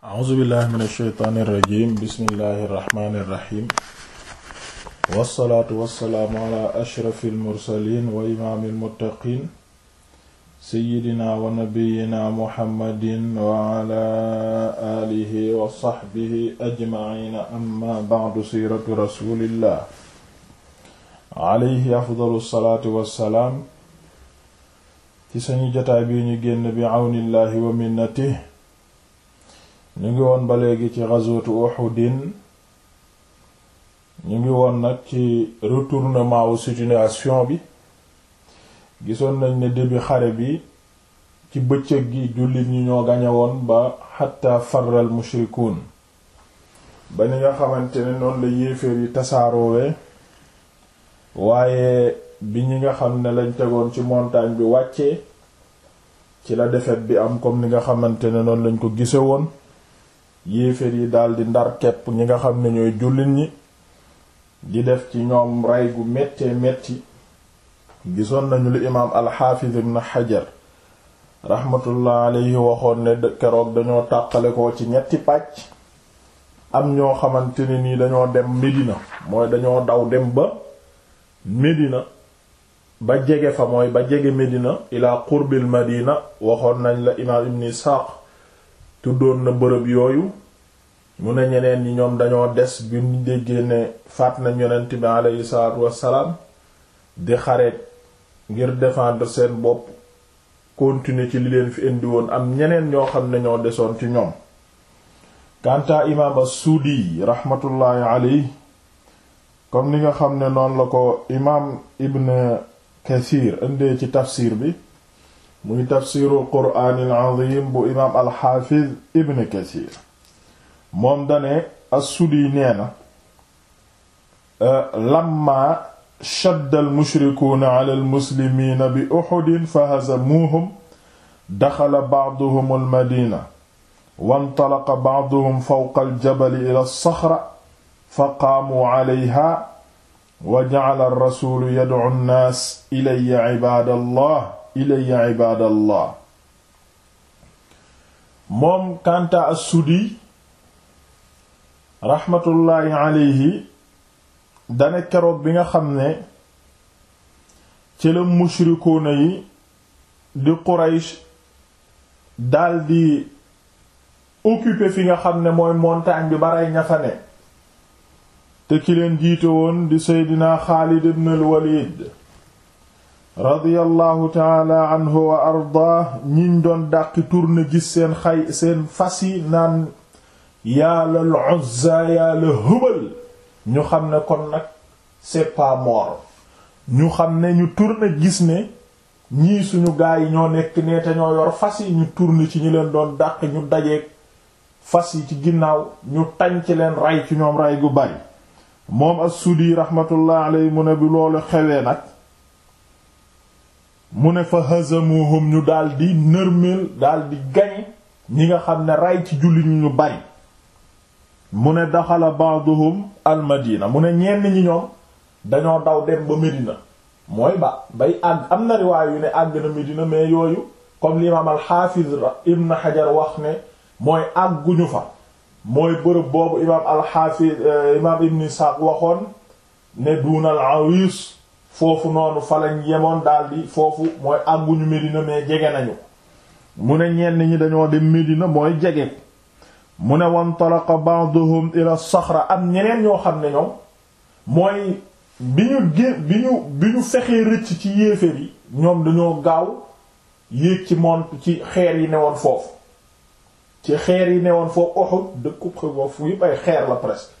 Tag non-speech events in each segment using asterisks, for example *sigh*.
a'uzubillahi min ashaytaani irrajim bismillahi irrahmani irrahim wassalaatu wassalaamu ala ashrafi almursalin wa imaami almuttaqin seyidina wa nabiyina muhammadin wa ala alihi wa saxbihi ajmaina amma ba'du siiratu rasulillah alayhi afdalu salaatu wassalaam ci sañu jotaay bi ñu génn bi awnillahi wa minnatihi ñu ngi woon ba léegi ci ghazwatu Uhudin ñu ngi woon nag ci retournement wu situation bi gisoon nañ ne début xare bi ci bëccëg gi jullit ñi ñoo gañe ba xatta faral mushrikuun ba ni nga xamante ne noonu la yéeféer yi tasaaroowee waaye bi ñi nga xam ne lañ tegoon ci montagne bi wàccee ci la défaite bi am comme ni nga xamante ne noonu lañ ko gise woon yéeféer yi daldi ndar ñi nga xam ne ñooy jullit ñi di def ci ñoom rey gu méttee metti gisoon nañu lu imaam alxaafiz ibn xajar raxmatullah alayhi waxoon ne keroog dañoo tàqale ci ñetti pàcc am ñoo xamante ne nii dañoo dem Medina mooy dañoo daw dem ba Medina ba jege fa mooy ba jege Medina ila qurbil Madina waxoon nañ la imaam ibn Isaaq tuddoon na bërëb yooyu mu ne ñeneen ñi ñoom dañoo des bi ñu déggee ne faat nañ yonent bi aleyhi salaatu wassalaam di xareet ngir défendre seen bopp continuer ci li leen fi indi woon am ñeneen ñoo xam ne ñoo desoon ci ñoom kanta imaam as-Suudi raxmatullaahi aley comme li nga xam ne noonu la ko imaam Ibn Kathir indee ci tafsir bi muy tafsiru quraanil azim bu imaam alxaafiz ibn kasiir moom dane assudi nee na euh, lamma shadda almushrikuuna ala almuslimiina bi uxudin fa hazamuuhum daxala ba'duhum almadina wantalaqa ba'duhum fawqa aljabali ila alsaxra fa qaamuu calayha wa jacala alrasulu yadcu nnaas ilaya cibaad allah ilayya ibaadallah moom kanta assudi raxmatullaahi alayhi dane keroog bi nga xam ne ci la mushrikuuna yi di Quraysh daldi occuper fi nga xam ne mooy montagne bi baray ña te ki leen jiite woon di Seydina Xaalid ibn al radiyallahu taala anhu wa ardaa ñiñ doon dàqi turne gis seen xay seen fas yi naan yàlla la Uzza yàlla Hubal ñu xam ne kon nag c'est pas ñu xam ne ñu turne gis ne ñii suñu gaa yi ñoo nekk nee te ñoo yor fas yi ñu turne ci ñi leen doon dàq ñu dajeeg fas yi ci ginnaaw ñu tañ ci leen rey ci ñoom rey gu bari moom as-Sudi rahmatullah alayhi mu ne bi loolu xewee nag mu ne fa hazamuhum ñu daldi nërmeel daldi gañe ñi nga xam ne rey ci julli ñu ñu bari mu ne daxala ba'duhum almadina mu ne ñenn ñi ñoom dañoo daw dem ba Medina mooy ba bay àgg am na riwaay yu ne àgg na Medina mais yooyu comme l'imam al-Hafiz Ibn Hajar wax ne mooy àgguñu fa mooy bërëb boobu imam al-Hafiz eh, Ibn Sa'd waxoon ne duunal awis foofu noonu fa yemoon daldi foofu mooy àgguñu Medina mais jege nañu mu ne ñenn ñi dañoo dem Medina mooy jege mu ne woon wantalaqa ba'duhum ila soxra am ñeneen ñoo xam ne ñoom mooy bi ñu gé bi ñu bi ñu fexee rëcc ci yéeféer yi ñoom dañoo gaaw yéeg ci mont ci xeer yi newoon foofu ci xeer yi newoon foofu Uhud dëkkub xëboofu yëpp ay xeer la presque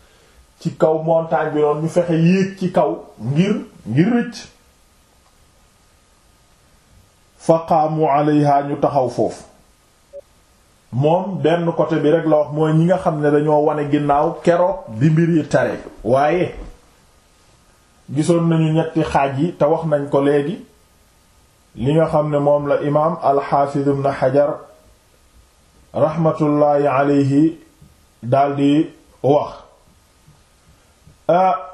ci kaw montagne bi noonu ñu fexe yéeg ci kaw ngir ngir rëcc fa qaamu alayha ñu taxaw foofu moom benn côté bi rek la wax mooy ñi nga xam ne dañoo wane ginnaaw keroog bi mbir yi tare waaye gisoon nañu ñetti xaaj yi te wax nañ ko léegi li nga xam ne moom la imaam alxaafiz ibn xajar raxmatullaahi alayhi daldi wax ah,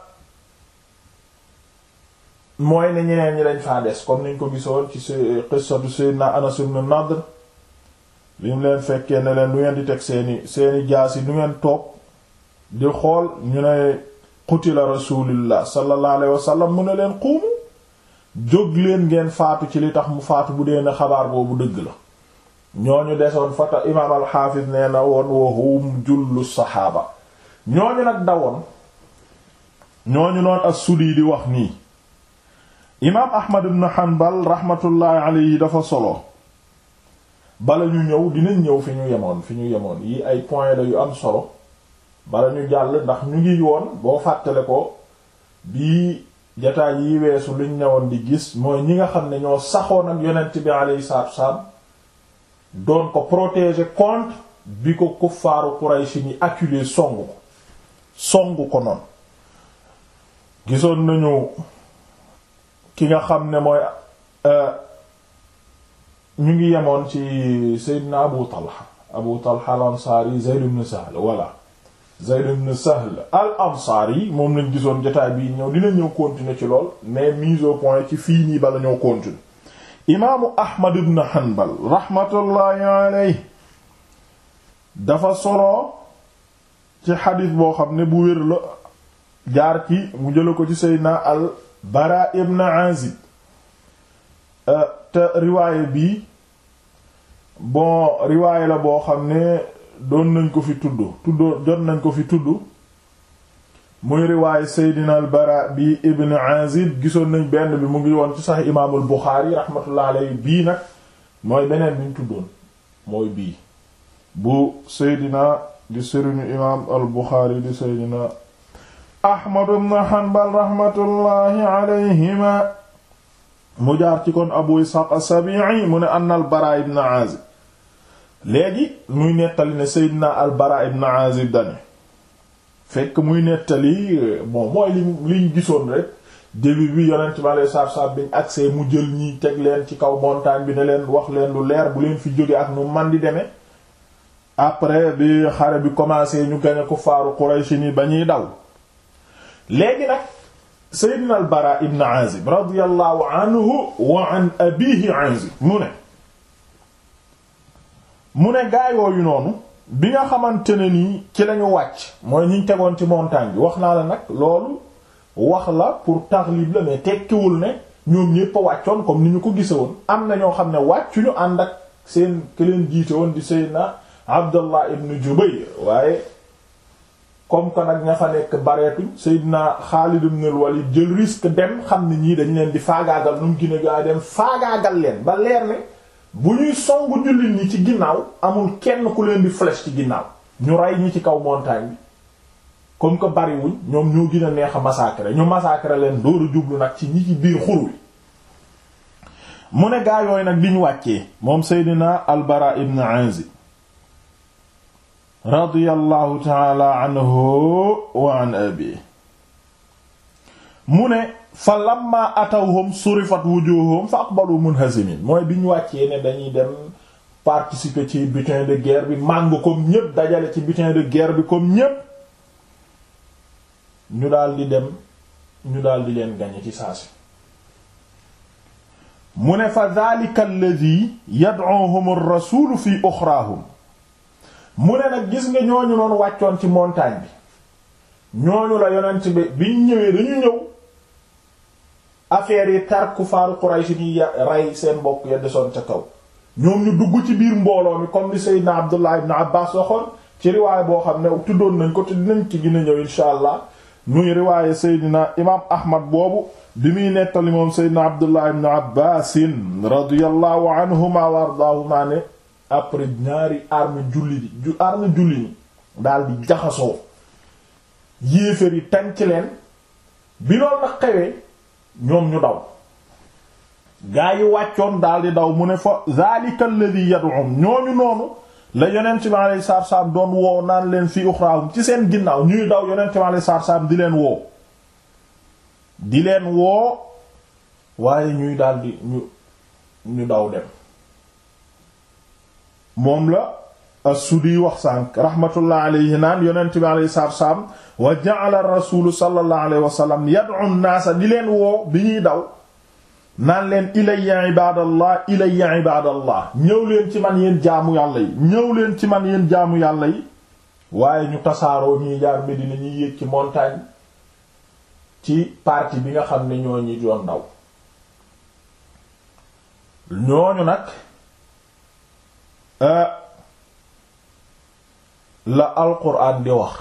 mooy ne ñeneen ñi dañ faa des comme niñ ko gisoon ci qissatu sayyidina Anas ibn Nadr li mu leen fekkee ne leen du ngeen di teg seeni seeni jaas yi du ngeen toog di xool ñu ne qutila la sallallahu alayhi wasallam mu ne leen quumu jóg leen ngeen faatu ci li tax mu faatu bu dee ne xabaar boobu dëgg la ñooñu desoon fata imaam alxaafis nee na woon wahum jullu saxaaba ñooñu nag dawoon ñooñu noon as-Sudi di wax nii imaam ahmad ibn hanbal rahmatullahi yi dafa solo bala ñu ñëw dinañ ñëw fi ñu yemoon fi ñu yemoon yi ay point la yu am solo bala ñu jàll ndax ñu ngi woon boo fàttale ko bii jataay yi weesu luñ ñëwoon di gis mooy ñi nga xam ne ñoo saxoon ak yonent bi alayhi salaatu wassalaam doon ko protéger contre bi ko kuffaaru Quraysh ni acculé song ko song ko noonu gisoon nañu ki nga xam ne mooy euh, ñu ngi yemoon ci Seydina Abu Talha Abu Talha al-Ansari Zayd ibn Sahl voilà Zayd ibn Sahl al moom lañ gisoon jotaay bi ñëw dina ñëw continuer ci lool mais mise au point ci fii nii bala ñëw continuer imaamu Ahmad ibn Hanbal rahmatullahi alayhi dafa solo ci xadiis boo xam ne bu wér la jaar ci mu jëla ko ci Seydina al bara ibn azib euh, te riwaaye bii bon riwaaye la boo xam ne doon nañ ko fi tudd tuddoo jot nañ ko fi tudd muy riwaaye seydina al bara bi ibn azib gisoon nañ benn bi mu ngi woon ci sax imaamul buxaari rahmatullah alayhi bii nag mooy beneen bi tuddoon mooy bii bu seydina di sëriñu imaam al buxaari di seydina Ahmad ibn Hanbal rahmatullahi alayhima mu jaar ci kon Abu Ishaq as-Sabi'i mu ne anna al-Bara ibn Azib léegi muy nettali ne Seydina al-Bara ibn Azib dane fekk muy nettali bon mooy li liñ gisoon rek début bi yonent bi alei saatu salaam biñ agsee mu jël ñi teg leen ci kaw montagne bi ne leen wax leen lu leer bu leen fi jóge at nu man di demee après bi xare bi commencé ñu gañe ko faaru Quraysh ni ba ñuy daw léegi nag Seydina al-Bara ibn Azib radiyallahu anhu wa an abihi Azib mu ne mu ne gaa yu noonu bi nga xamante ne nii ci lañu wàcc mooy ñi ñu tegoon ci montagne bi wax naa la nag loolu wax la pour taxlib la mais tekkiwul ne ñoom ñépp a wàccoon comme ni ñu ko gise woon am na ñoo xam ne wàccuñu ànd ak seen ki jiite woon di Seydina Abdallah ibn Jubayr waaye comme que nag ña fa nekk bareetuñ Seydina Xaalid ibn al-Walid jël risque dem xam ni ñii dañ leen di faagaagal nu mu gën a gaaw dem faagaagal leen ba leer ne bu ñuy songu jullit ñi ci ginnaaw amul kenn ku leen di flèche ci ginnaaw ñu rey ñi ci kaw montagne bi comme que bariwuñ ñoom ñoo gën a neex a massacrer ñu massacrer leen dooru jublu nag ci ñi ci biir xur wi mu ne gaa yooy nag bi ñu wàccee moom Seydina al-Bara ibn Azib radiyallahu taala wa an mu ne fa lamma atawhum surifat wujuhum fa aqbalu munhazimin mooy bi ñu wàccee ne dañuy dem participer ci butin de guerre bi màng comme ñépp dajale ci butin de guerre bi comme ñépp ñu daal di dem ñu dal di leen gañe ci saasi mu ne fa dhalika alladhi yad'uhum ar-rasul fi ukhrahum mu ne nag gis nga ñooñu noonu wàccoon ci montagne bi ñooñu la yonent bi biñ ñëwee dañu ñëw affaire yi tar kufaaru Quraysh gi rey seen bokk ya desoon ca kaw ñoom ñu dugg ci biir mbooloo mi comme li Seydina Abdullah ibn Abbas waxoon ci riwaay boo xam ne tuddoon nañ ko te dinañ ci gën a ñëw insha allah muy riwaaye Seydina imaam Ahmad boobu bi muy nettali moom Seydina Abdullah ibn Abbas radiyallahu anhuma wa ardaahuma ne après ñaari arme julli di arme julli ñi daal jaxasoo yéeféer yi ci leen bi loolu nag xewee ñoom ñu daw gaa yi wàccoon daal di daw mu ne fa zalika alladhi yad'um ñooñu noonu la yonent bi alayhi salaatu salaam doon woow naan leen fi uxraahum ci seen ginnaaw ñuy daw yonent bi alayhi salaatu salaam di leen woo di leen woo waaye ñuy daldi di ñu ñu daw dem moom la as-Sudi wax sànq rahmatullah alayhi naan yonent bi alayhi salaatu wa salaam wa ja'ala ar-rasuulu sallallahu alayhi wa sallam yad'u an-naasa di leen woo bi ñuy daw naan leen ilayya ibadallah ilayya ibadallah ñëw leen ci man yéen jaamu yàlla yi ñëw leen ci man yéen jaamu yàlla yi waaye ñu tasaaroo ñuy jaar Medina ñuy yéeg ci montagne ci partie bi nga xam ne ñoo ñi doon daw ñooñu nag Euh, la alquran di wax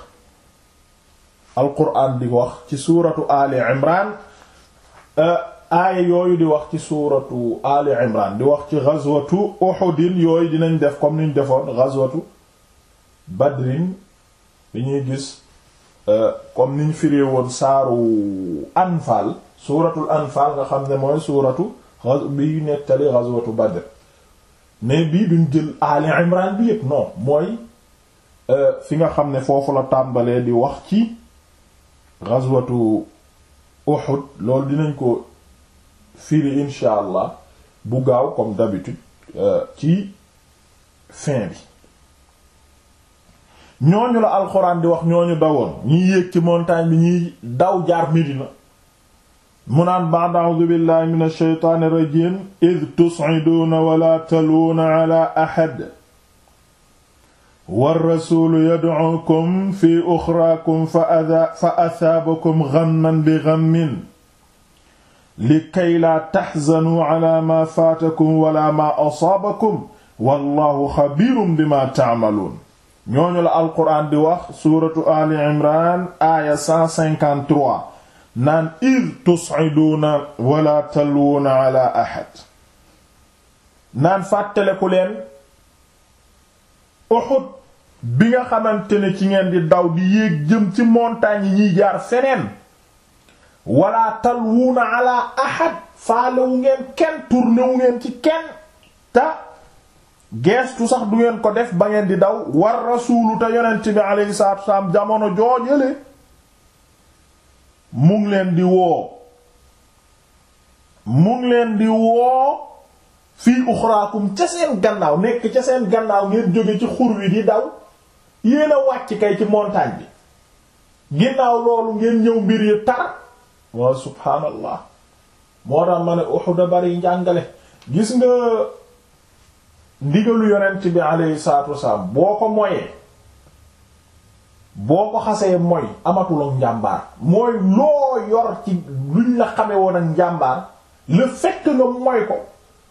alquran di wax ci suuratu ali imran euh, aaya yooyu di wax ci suuratu ali imran di wax ci ghazwatu uhudin yooyu dinañ def comme niñ defoon ghazwatu badrin bi ñuy gis euh, comme niñ firee woon saaru anfaal suuratul anfaal nga xam ne mooy suuratu bi nettali ghazwatu badr mais bii duñ jël Ali Imran bi yépp non mooy euh, fi nga xam ne foofu la tàmbalee di wax ci ghazwatu Uhud loolu dinañ ko firi insha allah bu gaaw comme d'habitude euh, ci fin bi ñooñu la alxuraan di wax ñooñu dawoon ñi yéeg ci montagne bi ñuy daw jaar Médina mu naan ba'd a'uudu billahi min ash-shaytaani rajiim id tus'iduuna wala taluuna ala ahad warrasuulu yad'uukum fi uxraakum fa asaabakum ghamman bi ghammin likay laa taxzanuu ala maa faatakum wala maa asaabakum wallahu xabiirum bimaa ta'maluun ñooñu la alquraan di wax suuratu ali imran aaya 153 naan id tus'iduuna wala talwuuna ala ahad naan fàttaleku leen Uhud bi nga xamante ne ci ngeen di daw di yéeg jëm ci montagne yi ñuy jaar feneen wala talwuuna ala ahad faalewu ngeen kenn tourné ngeen ci kenn te geestu sax du ngeen ko def ba ngeen di daw war rasuulu te yonent bi alayhi salaatu wasalaam jamono joojale mu leen di woo mu leen di woo fii uxraakum ca seen gannaaw nekk ca seen gannaaw ngeen jóge ci xur wi di daw yéen a wàcc kay ci montagne bi ginnaaw loolu ngeen ñëw mbir yi tar waaw subhaanallah moo tax ma ne Uhud bari njàngale gis nga ndigalu yonent bi alayhi salaatu wasalaam boo ko moyee boo ko xasee mooy amatuloo njàmbaar mooy loo yor ci luñ la xame woon ak njàmbaar le fait que nga mooy ko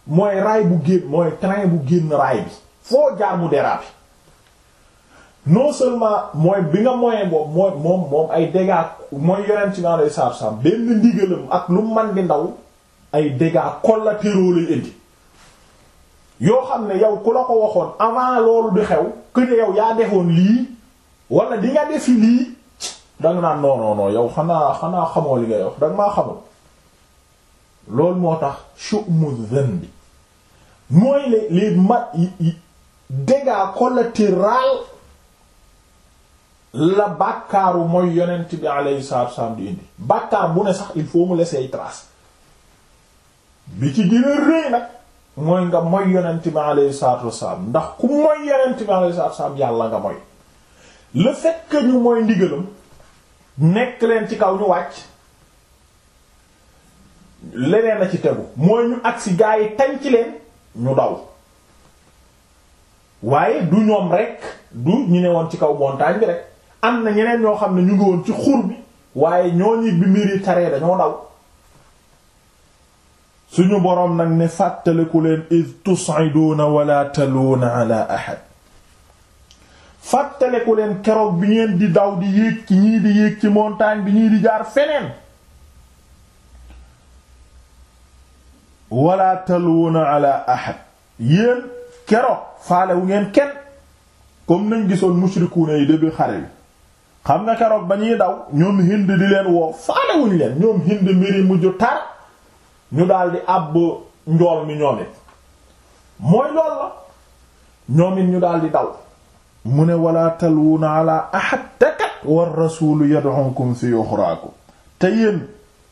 mooy raay bu génn mooy train bu génn raay bi foo jaar mu déraper non seulement mooy bi nga moyen boobu mooy moom moom ay dégâts mooy yonent ci naa saab-saab benn ndigalam ak lu man di ndaw ay dégâts collatéraux lay indi yoo xam ne yow ku la ko waxoon avant loolu di xew que yow yaa defoon lii wala di nga defi lii danga naa non yow xanaa xanaa xamoo li ngay wax danga maa xamul lool moo tax shu'mu dhanbi mooy les les ma dégâts collatéraux la bàkkaaru mooy yonent bi alayhi salaatu wasallam di indi bàkkaar bu ne sax il faut mu laisser trace bi ci gën rëy nag mooy nga mooy yonent bi alayhi salaatu ndax ku mooy yonent bi alayhi salaatu yàlla nga mooy le fait ñu mooy ndigalam nekk leen ci kaw ñu wàcc leneen a ci tegu mooy ñu agsi gaa yi tañ ci leen ñu daw waaye du ñoom rekk du ñu ci kaw montagne bi rek am na ñeneen ñoo xam ne ñu ngi woon ci xur bi waaye ñooñu bi mbir yi taree dañoo daw suñu boroom nag ne fàttaliku leen iz tus'iduna wala taluuna ala ahad fàttaleku leen keroog bi ngeen di daw di yéeg ci ñii di yéeg ci montagne bi ñii di jaar feneen wala talwuna ala ahad yéen keroog faale ngeen kenn kom nañ gisoon mushrikuuna yi débbi xare bi xam nga keroog ba ñuy daw ñoom hind di leen woo faale wuñ leen ñoom hind mbiri mujj tar ñu daldi àbb njool mi ñoom mooy lool la ñoom ñu daldi daw mu ne wala talwuuna ala ahad takat war rasulu yad'ukum fi uxraakum te yéen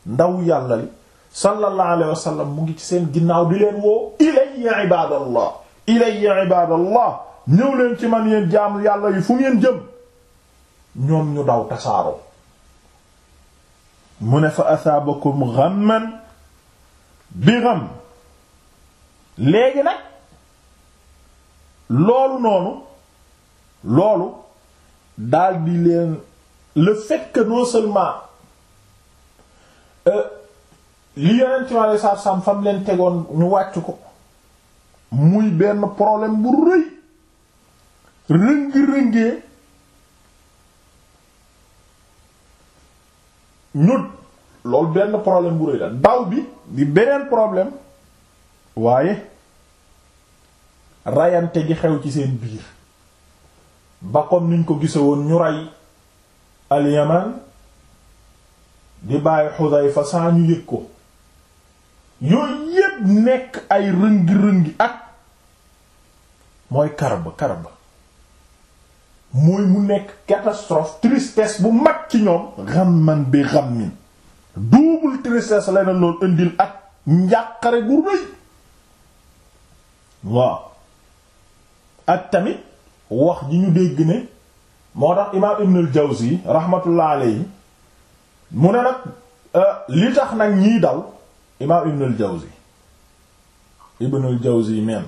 ndaw yàlla li sallallahu alayhi wa mu ngi ci seen ginnaaw di leen woo ilayya ibadallah ilayya ibadallah ñëw leen ci man yéen jaamu yàlla yu fu ngeen jëm ñoom ñu daw tasaaroo mu ne fa asaabakum ghamman bi gham léegi nag loolu noonu loolu daal di leen le fait que non seulement euh, li yonent mi alei satu salaam fam leen tegoon ñu wàcc ko muy benn problème bu rëy rëngi-rëngee ñu loolu benn problème bu rëy la daw bi di beneen problème waaye rayante gi xew ci seen biir ba comme niñ ko gise woon ñu rey alyaman di bàyyi Xudayfa saa ñu yëg ko yooyu yépp nekk ay rëngi-rëngi ak mooy karba karab mooy mu nekk catastrophe tristesse bu mag ci ñoom ghamman bi ghammin double tristesse lay na loolu indil ak njàqare gu rëy waaw ak tamit wax ji ñu dégg ne moo tax imaam Ibn al-Jawzi rahmatullah alayhi mu ne nag euh, li tax nag ñiy daw imaam Ibn al-Jawzi Ibn al-Jawzi men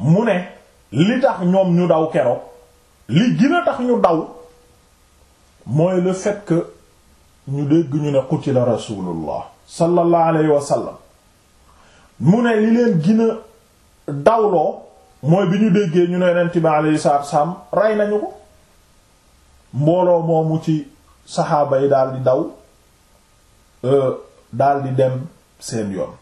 mu ne li tax ñoom ñu daw keroog li gin a tax ñu daw mooy le fekk ñu dégg ñu ne qutila rasulullah sallallahu alayhi wa sallam mu ne li leen gën a dawloo mooy bi ñu déggee ñu ne yonent bi alayhi salaatu salaam rey nañu ko mbooloo moomu ci saxaaba yi daal di daw euh, daal di dem seen yoon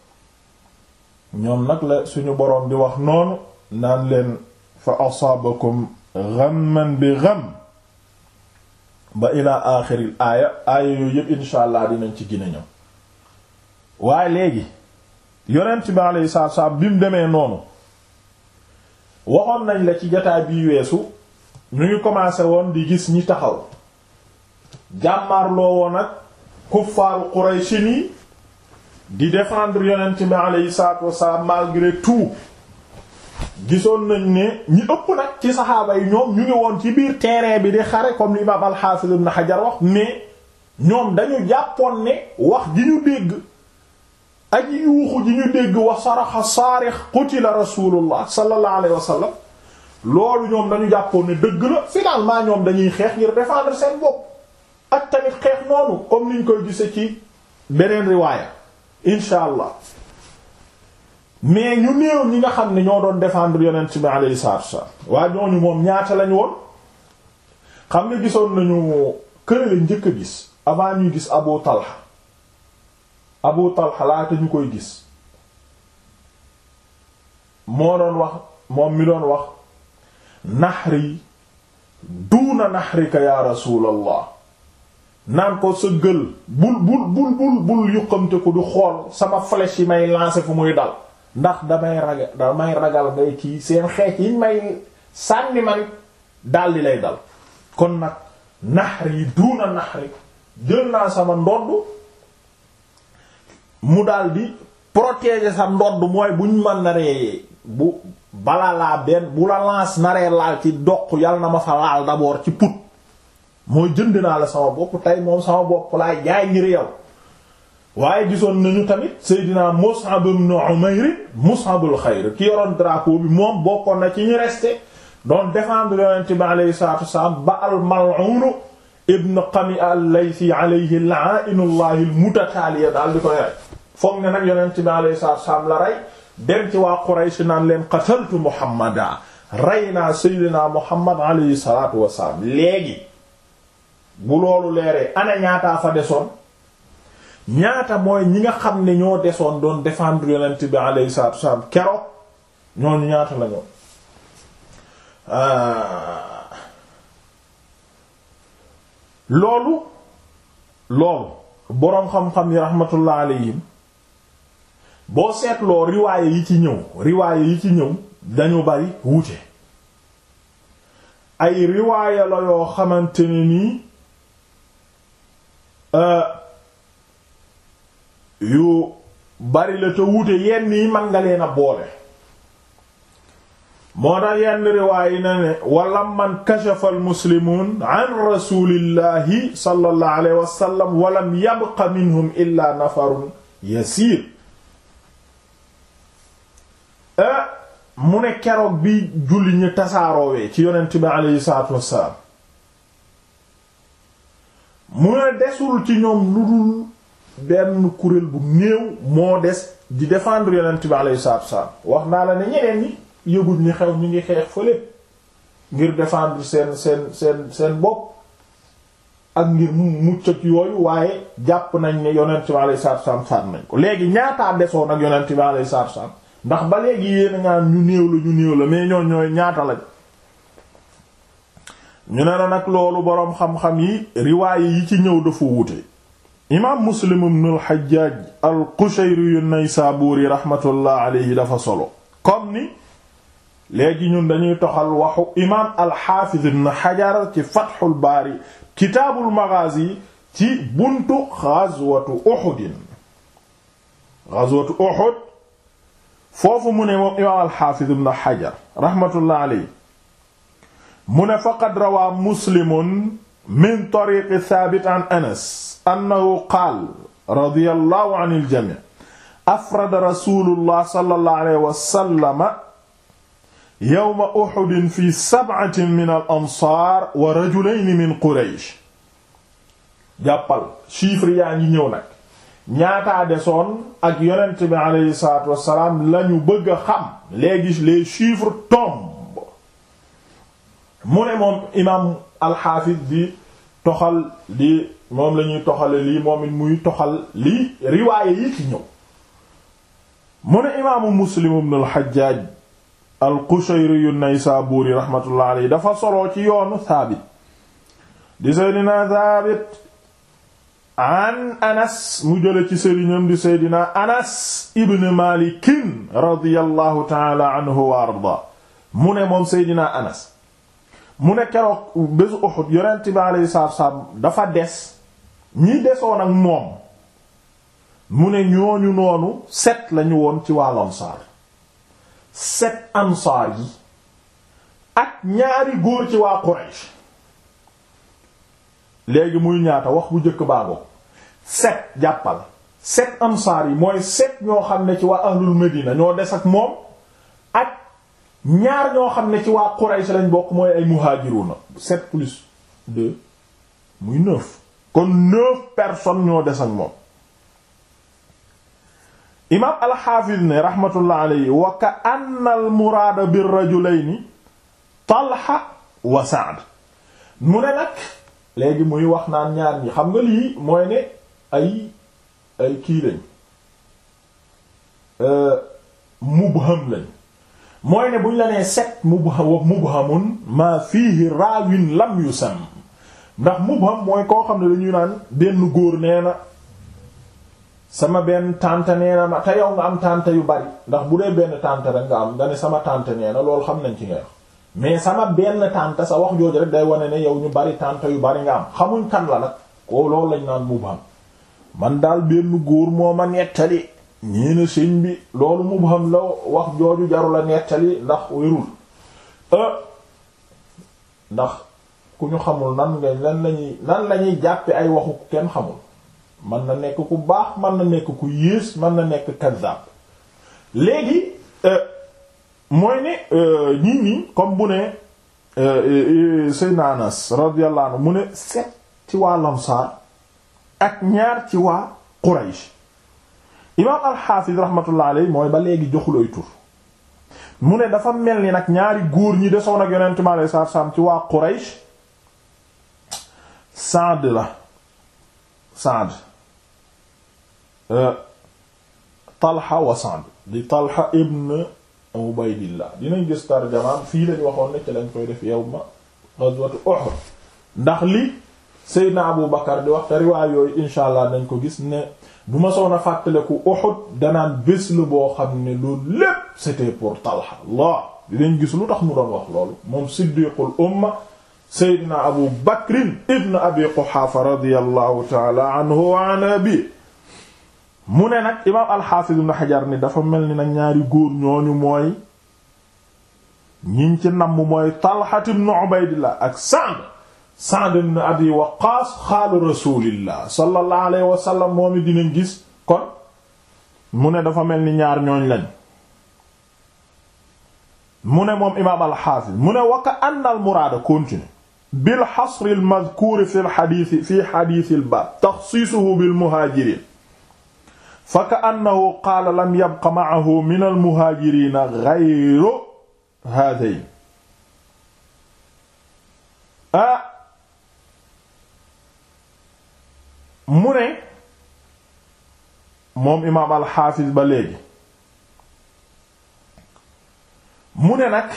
ñoom nag la suñu boroom di wax noonu naan leen fa asaabakum ghamman bi gham ba ila aaxiril aaya aaya yooyu yépp insha dinañ ci gine ñëw waaye léegi yonent bi alayhi salaatu salaam bi mu demee noonu waxoon nañ la ci jotaay bii weesu ñu ngi commencé woon di gis ñi taxaw jàmmaarloo woon ak kuffaaru Quraysh ni di défendre yonent bi alayhi salaatu wassalaam malgré tout gisoon nañ ne ñi ëpp nag ci saxaaba yi ñoom ñu ngi woon ci biir terrain bi di xare comme l'imam al-Hafiz ibn Hajar wax mais ñoom dañu jàppoon ne wax ji ñu dégg aji yuuxu ji ñu dégg wa saraxa saarix qutila rasulullah sallallahu alayhi loolu ñoom dañu jàppoon ne dëgg la finalement ñoom dañuy xeex ngir défendre seen bopp ak tamit xeex noonu comme niñ koy gise ci beneen riwaaya incha allah mais ñu néew ñi nga xam ne ñoo doon defendre yonent bi waa ñooñu moom ñaata lañu woon xam nga gisoon nañu kër njëkk a gis avant ñuy gis Abu Talha Abu xalaat laata ñu koy gis moo doon wax moom mi doon wax naxri duuna naxrika ya rasulallah naan ko sa gël bul bul bul bul bul yuqamte ko du xool sama flèche yi may lancer fu muy dal ndax damay ragal damay ragal ngay kii seen xeec yi may sànni man daldi lay dal kon nag yi duuna naxri jël naa sama ndodd mu daal daldi protéger sa ndodd mooy ñu ma naree bu bala benn bu la lance naree laal ci doq yal na ma fa laal d'abord ci put mooy jënd naa la sama bopp tey moom sama bopp laa jaay ngir yow waaye gisoon nañu tamit Seydina Mus'ab ibn Umayr Mus'abul xayr ki yoroon drapeau bi moom bokkoon na ci ñu resté doon défendre yonent bi aleyhi salaatu ba al mal'un ibn Qami'a al-Laythi alayhi la'inullah al-mutataaliya daal di ko yore foog ne nag yonent bi alayhi salaatu wassalaam la rey dem ci waa Quraysh naan leen qataltu Muhammadan rey naa Seydina Muhammad alayhi salaatu wassalaam léegi bu loolu leeree ana ñaataa fa desoon ñaata mooy ñi nga xam ne ñoo desoon doon défendre yonent bi alayhi salaatu wassalaam keroog ñooñu ñaata la ñoon loolu loolu boroom xam-xam yi rahmatullah alayhim boo seetloo riwaaye yi ci ñëw yi ci ñëw dañu bari wuute ay riwaaye la yoo xamante ne nii euh, yu bari la te wuute yenn yi man nga leen a boole moo tax yenn riwaay na ne wala man kashafa al muslimun an rasulillahi sallallahu minhum illa nafarun yasiir Euh, mu ne keroog bi julli ñu tasaaroowee ci yonent bi aleyhi salaatu wassalaam mu ne desul ci ñoom lu dul benn kuréel bu néew moo des di défendre yonent bi aleyhi salaatu wassalaam wax naa la ne ñeneen ñi yëguñ ni xew ñu ngi xeex fële ngir défendre seen seen seen seen bopp ak ngir mucc ak yooyu waaye jàpp nañ ne yonent bi aleyhi salaatu wassalaam faat nañ ko léegi ñaataa desoon ak yonent bi aleyhi salaatu wassalaam ndax ba léegi yéen nga ñu néew la ñu néew la mais ñoo ñooy ñaata lañ ñu ne la nag loolu boroom xam-xam yi riwaay yi ci ñëw dafa wuute imaam muslim ibn al-Hajjaj al-Qushayri an-Naysaburi rahmatullah alayhi dafa solo comme ni léegi ñun dañuy toxal waxu imaam al-Hafiz ibn Hajar ci Fathul Bari kitaabul Maghazi ci buntu ghazwatu Uhud ghazwatu Uhud foofu mu ne moom imaam alxaafiz ibn xajar raxmatullah aley mu ne faqad rawaa muslimun min tariqi thaabit an anas annahu qaal radiyallahu an iljami afrada rasulullah sallallahu alayhi wa sallam yawma uhud fi sab'atin min al ansaar wa rajulayn min quraysh jàppal chiffre yaa ngi ñëw nag ñaata desoon ak yonent bi aleyhi salaatu wassalaam lañu bëgg xam léegi les chiffres tombent mu ne moom imaam alxaafis di toxal di moom la ñuy toxale lii moom it muy toxal lii riwaaye yi ci ñëw mu ne imaamu muslim ibn al al-Qushayri an-Naysaburi rahmatullah aleyhi dafa soloo ci yoonu Saabit di Seydina Saabit an anas mu jële ci sëriñam di seydina anas ibn malikin radiyallahu taala anhu wa arda mu ne moom seydina anas mu ne keroog bésu Uhud yonent bi alayhi salaatu salaam dafa des ñi desoon ak moom mu ne ñooñu noonu set lañu woon ci wàll ansaar set ansaar yi ak ñaari góor ci waa Quraysh léegi muy ñaata wax bu njëkk baago set jàppal set ansaar yi mooy set ñoo xam ne ci waa ahlul Medina ñoo des ak moom ak ñaar ñoo xam ne ci waa Quraysh lañ bokk mooy ay muhajiruna sept plus deux muy neuf kon neuf ñoo des ak moom imaam alxaafis ne raxmatullah alayhi wa ka anna al muraada bir rajulayni Talha wa Sa'd mu ne nag léegi muy wax naan ñaar ñi xam nga lii mooy ne ay ay kii lañ euh, mubham lañ mooy ne buñ la nee set mubham wa mubhamun ma fihi raawin lam yusam ndax mubham mooy koo xam ne dañuy naan benn góor nee na sama benn tante nee na ma te yow nga am tante yu bari ndax bu dee benn tante rek nga am nga ne sama tante nee na loolu xam nañ ci nga wax mais sama benn tànta sa wax jooju rek day wane ne yow ñu bari tànta yu bari nga am xamuñ kan la nag ko loolu lañ naan mubham man daal benn góor moo ma nettali ñii na sëñ bi loolu mubham la wax jooju jarul a nettali ndax wérul euh, ndax ku ñu xamul nan nga lañuy nan lañuy jàppe ay waxu kenn xamul man na nekk ku baax man na nekk ku yées man na nekk kazzab léegi euh, mooy ne ñii euh, nii comme bu ne euh, euh, Seydina Anas radiyallahu mu ne sept ci waa lamsaar ak ñaar ci waa Quraysh imaam alxaafis rahmatullah alayhi mooy ba léegi joxulooy tur mu ne dafa mel ni nag ñaari góor ñi desoon ak yonent mi alayhi salaatu salaam ci waa Quraysh Saad la Saad Talha wa Saad di Talha ibn Ubaydillah dinañ gis tarjamaam fii lañ waxoon ne ci koy def yawma ghazwatu Uhud ndax li Seydina Abu Bakar di wax te riwaay yooyu allah dañ ko gis ne bu ma soon a fàttaleku Uhud danaan bés la boo xam ne loolu lépp c'était pour Talha Allah dinañ gis lu tax mu doon wax loolu moom siddiqul umma Seydina Abu Bakrin ibn Abi Quhafa radiyallahu ta'ala wa an mu ne nag imaam alxaafis ibn xajar ni dafa mel ni nag ñaari góor ñooñu mooy ñiñ ci namm mooy talxat ibn ubaydillah ak sa'd sa'd ibn abi waqaas xaalu rasulillah sallallahu alayhi wa sallam moom it dinañ gis kon mu ne dafa mel ni ñaar ñooñ lañ mu ne moom imaam alxaafis mu ne waka anna al muraada continue bil xasri al madkuur fi al fi xadiisi al taxsiisuhu bil muhaajiriin fa ka annahu qaala lam yabqa ma'ahu min almuhaajiriina ghayru haadayn ah mu ne moom imaam alxaafis ba léegi mu ne nag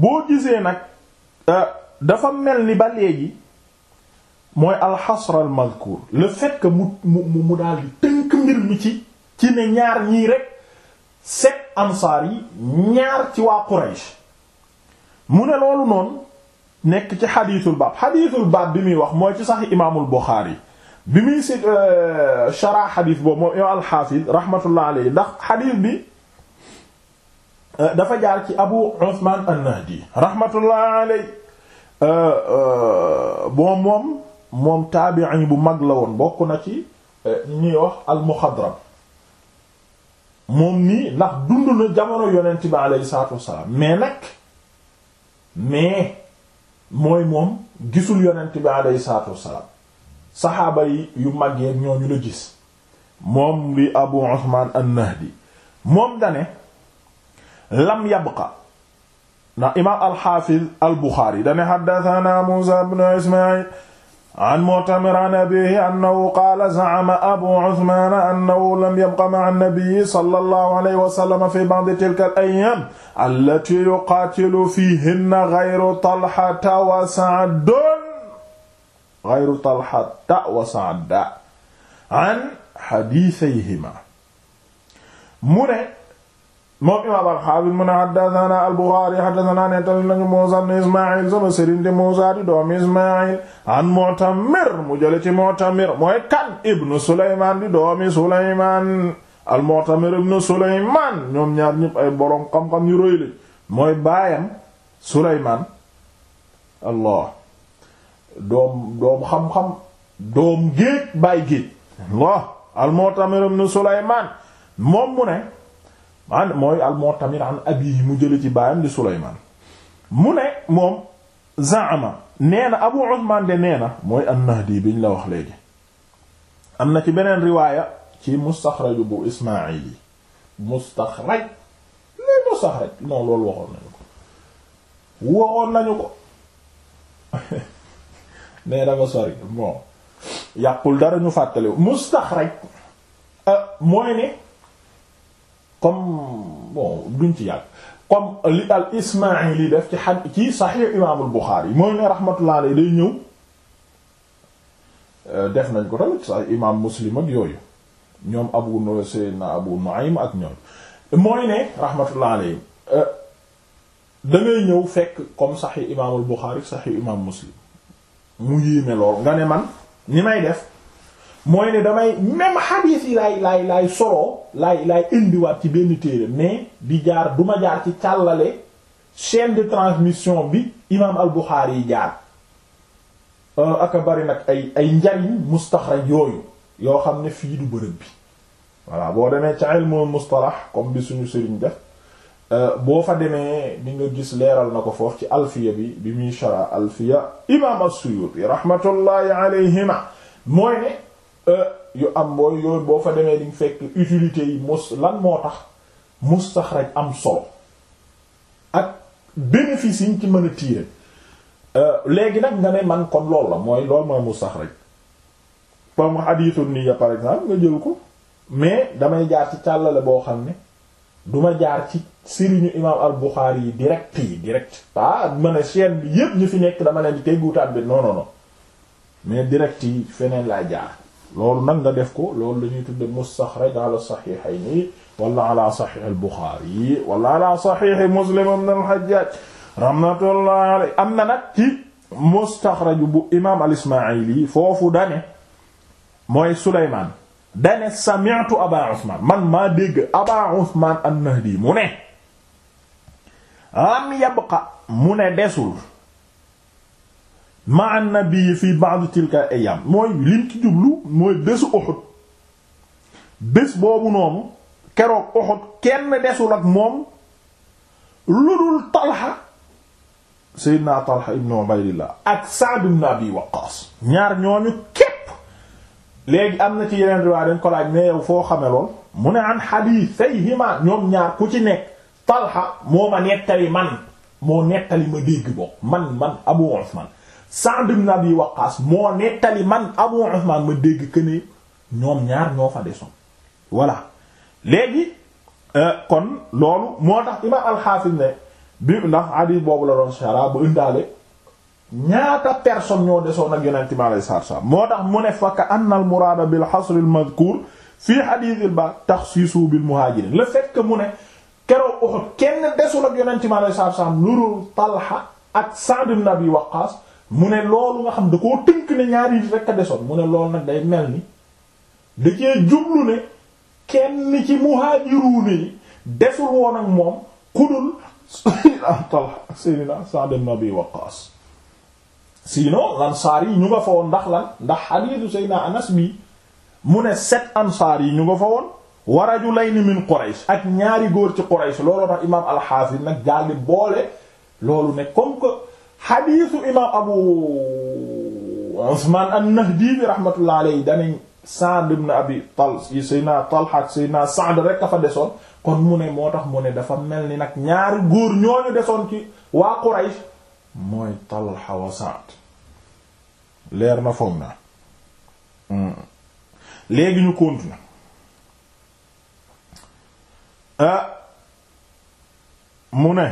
boo gisee nag euh, dafa mel ni ba léegi mooy alxasra al mazkur le mu mu mu daal tënk mbir mi ci ci ne ñaar ñii rek sept ansaar yi ñaar ci waa Quraysh mu ne loolu noon nekk ci xadiisul baab xadiisul baab bi muy wax mooy ci sax imaamul Buxaari bi muy si euh, shara xadiis boobu moom yow alxaafis rahmatullah alayhi ndax xadiis bi euh, dafa jaar ci Abu Usmaan an euh, moom moom taabi'i bu mag la woon bokk na ci eh, ñuy wax al moom nii ndax dund na jamono yonent bi aleyhi salaatu wassalaam mais mooy moom gisul yonent bi aleyhi salaatu wassalaam saxaaba yi yu mag ñoo ñooñu la gis moom li Abu Usmaan an-Nahdi moom dane lam yabqa ndax imaam al al-Buxaari dane haddasanaa Muusaa ibn Ismaayil an Mu'tamir an abiihi annahu qaala za'ama abu Usmaan annahu lam yabqa ma'a an-nabiyyi sallallahu alayhi wa sallam fi ba'di tilka al-ayyaam allatii yuqaatilu fiihinna ghayru Talhata wa Sa'dun ghayru Talhata wa Sa'da an hadiisayhimaa mu ne moom imaam alxaafis mu ne xaddathana albuxaari xaddathana nettali nañu Muusaa ibn Ismaayil sama sëriñ di Muusaa di doomi Ismaayil an Mu'tamir mu jële ci Mu'tamir mooy kan ibnu Sulaymaan di doomi Sulaymaan al Mu'tamir ibnu Sulaymaan ñoom ñaar ñëpp ay boroom xam-xam yu rëy la mooy baayam Sulaymaan Allah doom doom xam-xam doom géej baay géej Allah al Mu'tamir ibnu Sulaymaan moom mu ne an mooy al-Mu'tamir an abiihi mu jële ci baayam di Sulaymaan mu ne moom zaama nee na Abu Usmaan de nee na mooy an-Nahdi biñ la wax léegi am na ci beneen riwaaya ci mustaxraj bu Ismaayil yi mustaxraj lay mustaxraj non loolu waxoon nañu ko waxoon nañu ko *laughs* nee dafa sori bon yàqul dara ñu fàttali mustaxraj euh, mooy ne comme bon duñ ci yàgg comme li al Ismaa'ili def ci xan ci Sahih imaamul Buxaari mooy ne rahmatullah alayhi day ñëw euh, def nañ ko tamit Sahih imaam Muslim ak yooyu ñoom Abu no Seydina Abu Nu'aym ak ñoom mooy ne rahmatullah alayhi euh, ñëw fekk comme Sahih imaamul Buxaari Sahih imaam Muslim mu yéeme lool nga ne man ni may def mooy ne damay même xadiis yi laay laay laay laay laay indiwaat ci benn téere mais di jaar duma jaar ci càllale chaîne de transmission bi imaam al-Bukhari yi jaar euh, aka bari nag ay ay njariñ mustaxraj yooyu yoo xam ne fii du bërëb bi voilà boo demee ca ilmu mustalah comme bi suñu sëriñ def euh, boo fa demee di nga gis leeral na ko foofu ci alfiya bi bi muy shara alfiya imaam as-Suyuti rahmatullahi alayhima mooy ne euh, yu am booy yooyu boo fa demee diñ fekk utilité yi mus lan moo tax mustaxraj am solo ak bénéfice yiñ ci mën a tiire euh, léegi nag nga ne man kon lool la mooy lool mooy ma comme hadithu niyya par exemple nga jël ko mais damay jaar ci càllale boo xam ne duma jaar ci sëriñu imam al yi direct yi direct ah ma ne chaîne bi yépp ñu fi nekk dama leen di tey guutaat bi non mais direct yi feneen laa jaar loolu nag nga def ko loolu la ñuy tudde mustaxraj ala saxiixayni wala ala saxiix al-Buxaari yi wala ala saxiix Muslim ibn al-Hajjaaj rahmatullahi alayhi am na nag ci mustaxraj bu imaam al-Ismaaili foofu dane mooy Sulaymaan dane sami'tu Abaa Usmaan man maa dégg Abaa Usmaan an-Nahdi mu ne am yabqa mu ne desul ma annabii fii ba'd tilka ayyam mooy liñ ci jublu mooy bésu Uhud bés boobu noonu keroog Uhud kenn desul ak moom lu dul Talha Seydina Talha ibn Ubaydillah ak Sa'd ibn Abi Waqqas ñaar ñooñu képp léegi am na ci yeneen riwaay dañ ko laaj yow foo xame lool mu ne an hadithayhima ñoom ñaar ku ci nekk Talha moo ma nettali man moo nettali ma dégg boo man man Abu Usman Sa'd ibn Abi Waqqas moo nettali man Abu Usman ma dégg que ne ñoom ñaar ñoo fa desoon voilà léegi euh, kon loolu moo tax imaam al ne bi ndax hadith boobu la doon shara indaale ñaata personne ñoo desoon ak yonent mi alayhi salaatu moo tax mu ne fa ka anna al-muraada bil hasr al-madhkuur fii hadith al-baab takhsiisu bil mu ne keroog Uhud kenn desul ak yonent mi alayhi salaatu salaam nurul ak Sa'd ibn Abi Waqqas mu ne loolu nga xam da koo tënk ne ñaari nit rek desoon mu ne loolu nag day mel ni da cee jublu ne kenn ci muhaajiruun yi desul woon ak moom xudul Sayyidina Talha Sayyidina Sa'd ibn Abi Waqqas sinon ansaar yi ñu nga fa woon ndax la ndax hadiisu Sayyidina Anas bi mu ne sept ansaar yi ñu nga fa woon wa rajulayni min Quraysh ak ñaari góor ci Quraysh looloo tax imaam al nag daal boole loolu ne comme que xadiisu imaam abu usman an-nahdi bi rahmatullah alayhi danañ Sa'd ibn Abi Tal yi Seydina Talha Seydina Sa'd rek a fa desoon kon mu ne moo tax mel ni nag ñaari góor ñooñu desoon ci waa Quraysh mooy Talha wa Sa'd leer na foog hmm. ah, mu ne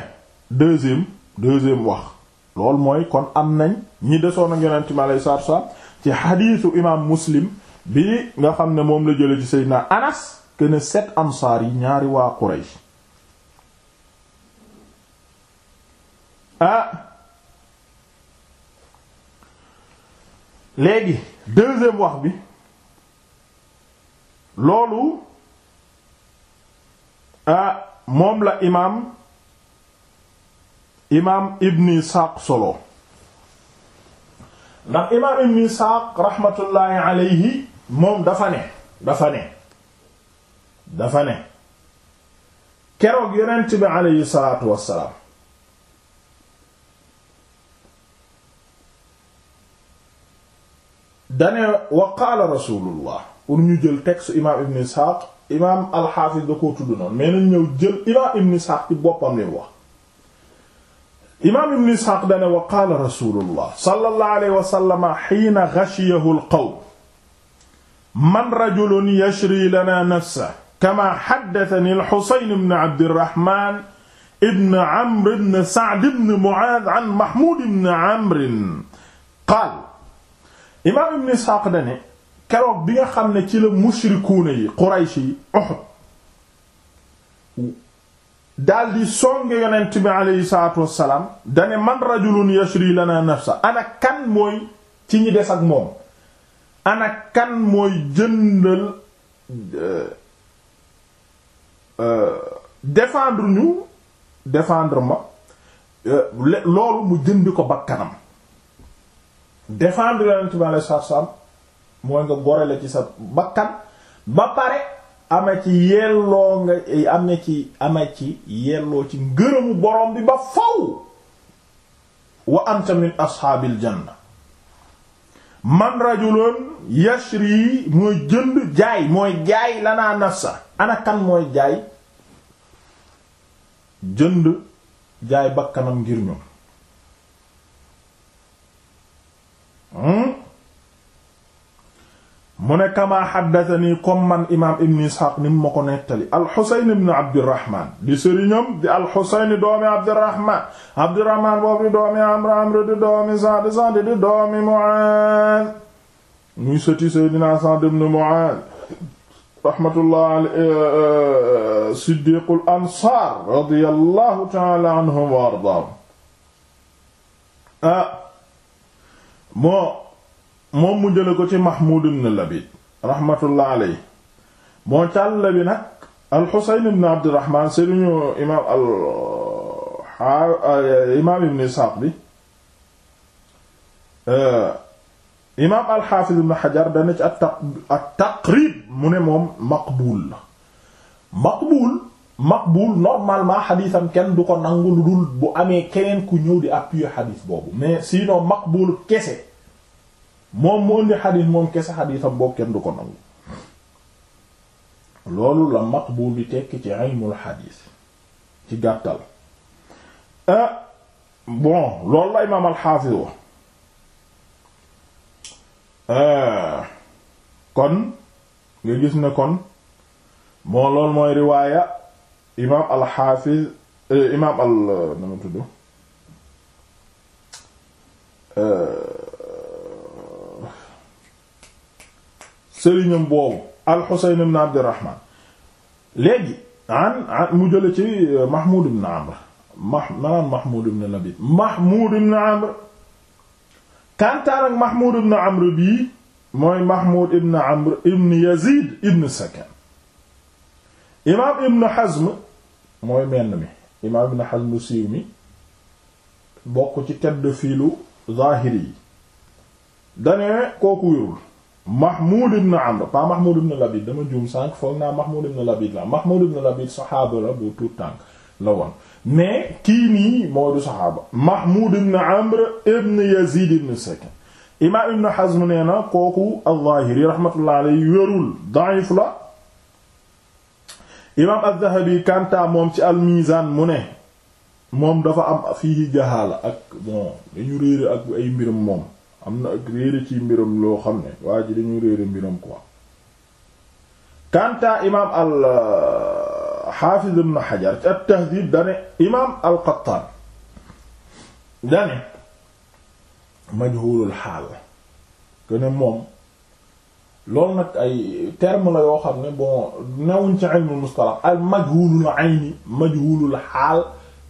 deuxième deuxième wax loolu mooy kon am nañ ñi desoon ak yonent mi alayhi salaatu wa salaam ci xadiisu imaam muslim bi nga xam ne moom la jële ci Seydina Anas kene sept ansaar yi ñaari waa Quraysh ah. léegi deuxième wax bi loolu ah moom la imaam imaam ibn isxaaq solo ndax imaam ibn isxaaq raxmatullaahi moom dafa ne dafa ne dafa ne keroog yonent bi alayhi salaatu wassalaam dane wa qaala rasulullah pour ñu jël texte imaam ibn isxaaq imaam alxaafis da koo tudd noonu mais ñëw jël imaam ibn isxaaq ci boppam li wax imaam ibn Isxaaq dane wa qaala rasulullah sallallahu alayhi wa sallam hiina ghashiyahu al-qawm man rajulun yashri lana nafsahu kamaa haddathanii al-Husayn ibn Abdirrahmaan ibn Amr ibn Sa'd ibn Mu'aaz an Mahmuud ibn Amr qaala imaam ibn Isxaaq dane keroog bi nga xam ne ci la mushrikuuna yi Quraysh yi Uhud daldi di songe yonent bi aleyhi salaatu wassalaam dane man rajulun yashri lana nafsa ana kan mooy ci ñi des ak moom ana kan mooy jëndal euh, euh, defendre ñu défendre ma euh, loolu mu jëndi ko bakkanam défendre yonent bi aleyhi salaatu wassalaam mooy nga gorele ci sa bakkan ba pare ama ci yelloo nga ama ci ama ci yelloo ci ngërëmu borom bi ba faw wa anta min ashaabil janna man rajulun yashri mooy jënd jaay mooy jaay lanaa nafsa ana kan mooy jaay jënd jaay bakkanam ngir ñun mu ne kamaa xaddatani comme man imaam ibn isxaaq ni mu ma ko nettali alxusayn ibn abdirahman di sëriñam di alxusayn doomi abdirahman abdirahman boobu di doomi amr amr di doomi sa'd sa'd di doomi mu'aaz muy sëti seydina sa'd ibn mu'aaz rahmatullah eh, eh, siddiqul ansaar radiyallahu ta'ala anhum wa ardaahum ah, moom mu jële ko ci Mahmud ibn Labid rahmatullah aley moo càlla bi nag al-Husayn ibn Abdurrahman sëriñu imaam al euh, imaam euh, imaam al-Hafiz ibn Hajar dana ci at-Taqrib mu ne moom maqbul maqbul maqbul normalement xadisam kenn du ko nangu lu dul bu amee keneen ku ñëw di appuyer xadis boobu mais sinon maqbul kese moom mu indi xadis moom kese xadisam boo kenn du ko nangu loolu la maqbul bi tekki ci ilmul xadis ci gàttal ah bon loolu la imaam alxaafis wa ah, kon nga gis ne kon bon loolu mooy riwaaya imaam alxaafis eh, imaam al na ma tudd eh, sëriñam boobu al-Husayn ibn léegi an mu jële ci euh, Mahmoud ibn Amr ma manaan Mahmoud ibn Labid Amr kantaan ak Mahmoud ibn Amr bii mooy Mahmoud ibn Amr ibn Yazid ibn Sakan imaam ibn Hazm mooy menn mi imaam ibn Hazm siiw mi bokk ci tedd fiilu zaahiri yi dane kooku wérul Mahmoud ibn Amr pas Mahmoud ibn Labid dama juum sànq foog naa Mahmoud ibn Labid la Mahmoud ibn Labid saxaaba la bu tout tànk la woon mais kii nii mooy du saxaaba Mahmoud ibn Amr ibn Yazid ibn Sakin imaam Ibn Hazm nee na kooku al-Zahiri rahmatullah alayhi wérul da'if la imaam az-Zahabi kanta moom ci al-Mizan mu ne moom dafa am fiihi jahaala ak bon dañu réere ak ay mbirum moom am na ak réere ci loo xam ne waa ji dañu réere mbiram quoi kanta imaam al xaafiz euh, ibn xajar al xaal que moom loolu nag ay terme la yoo xam ne bon newuñ ci ilmul mustalah al majhulul ayni xaal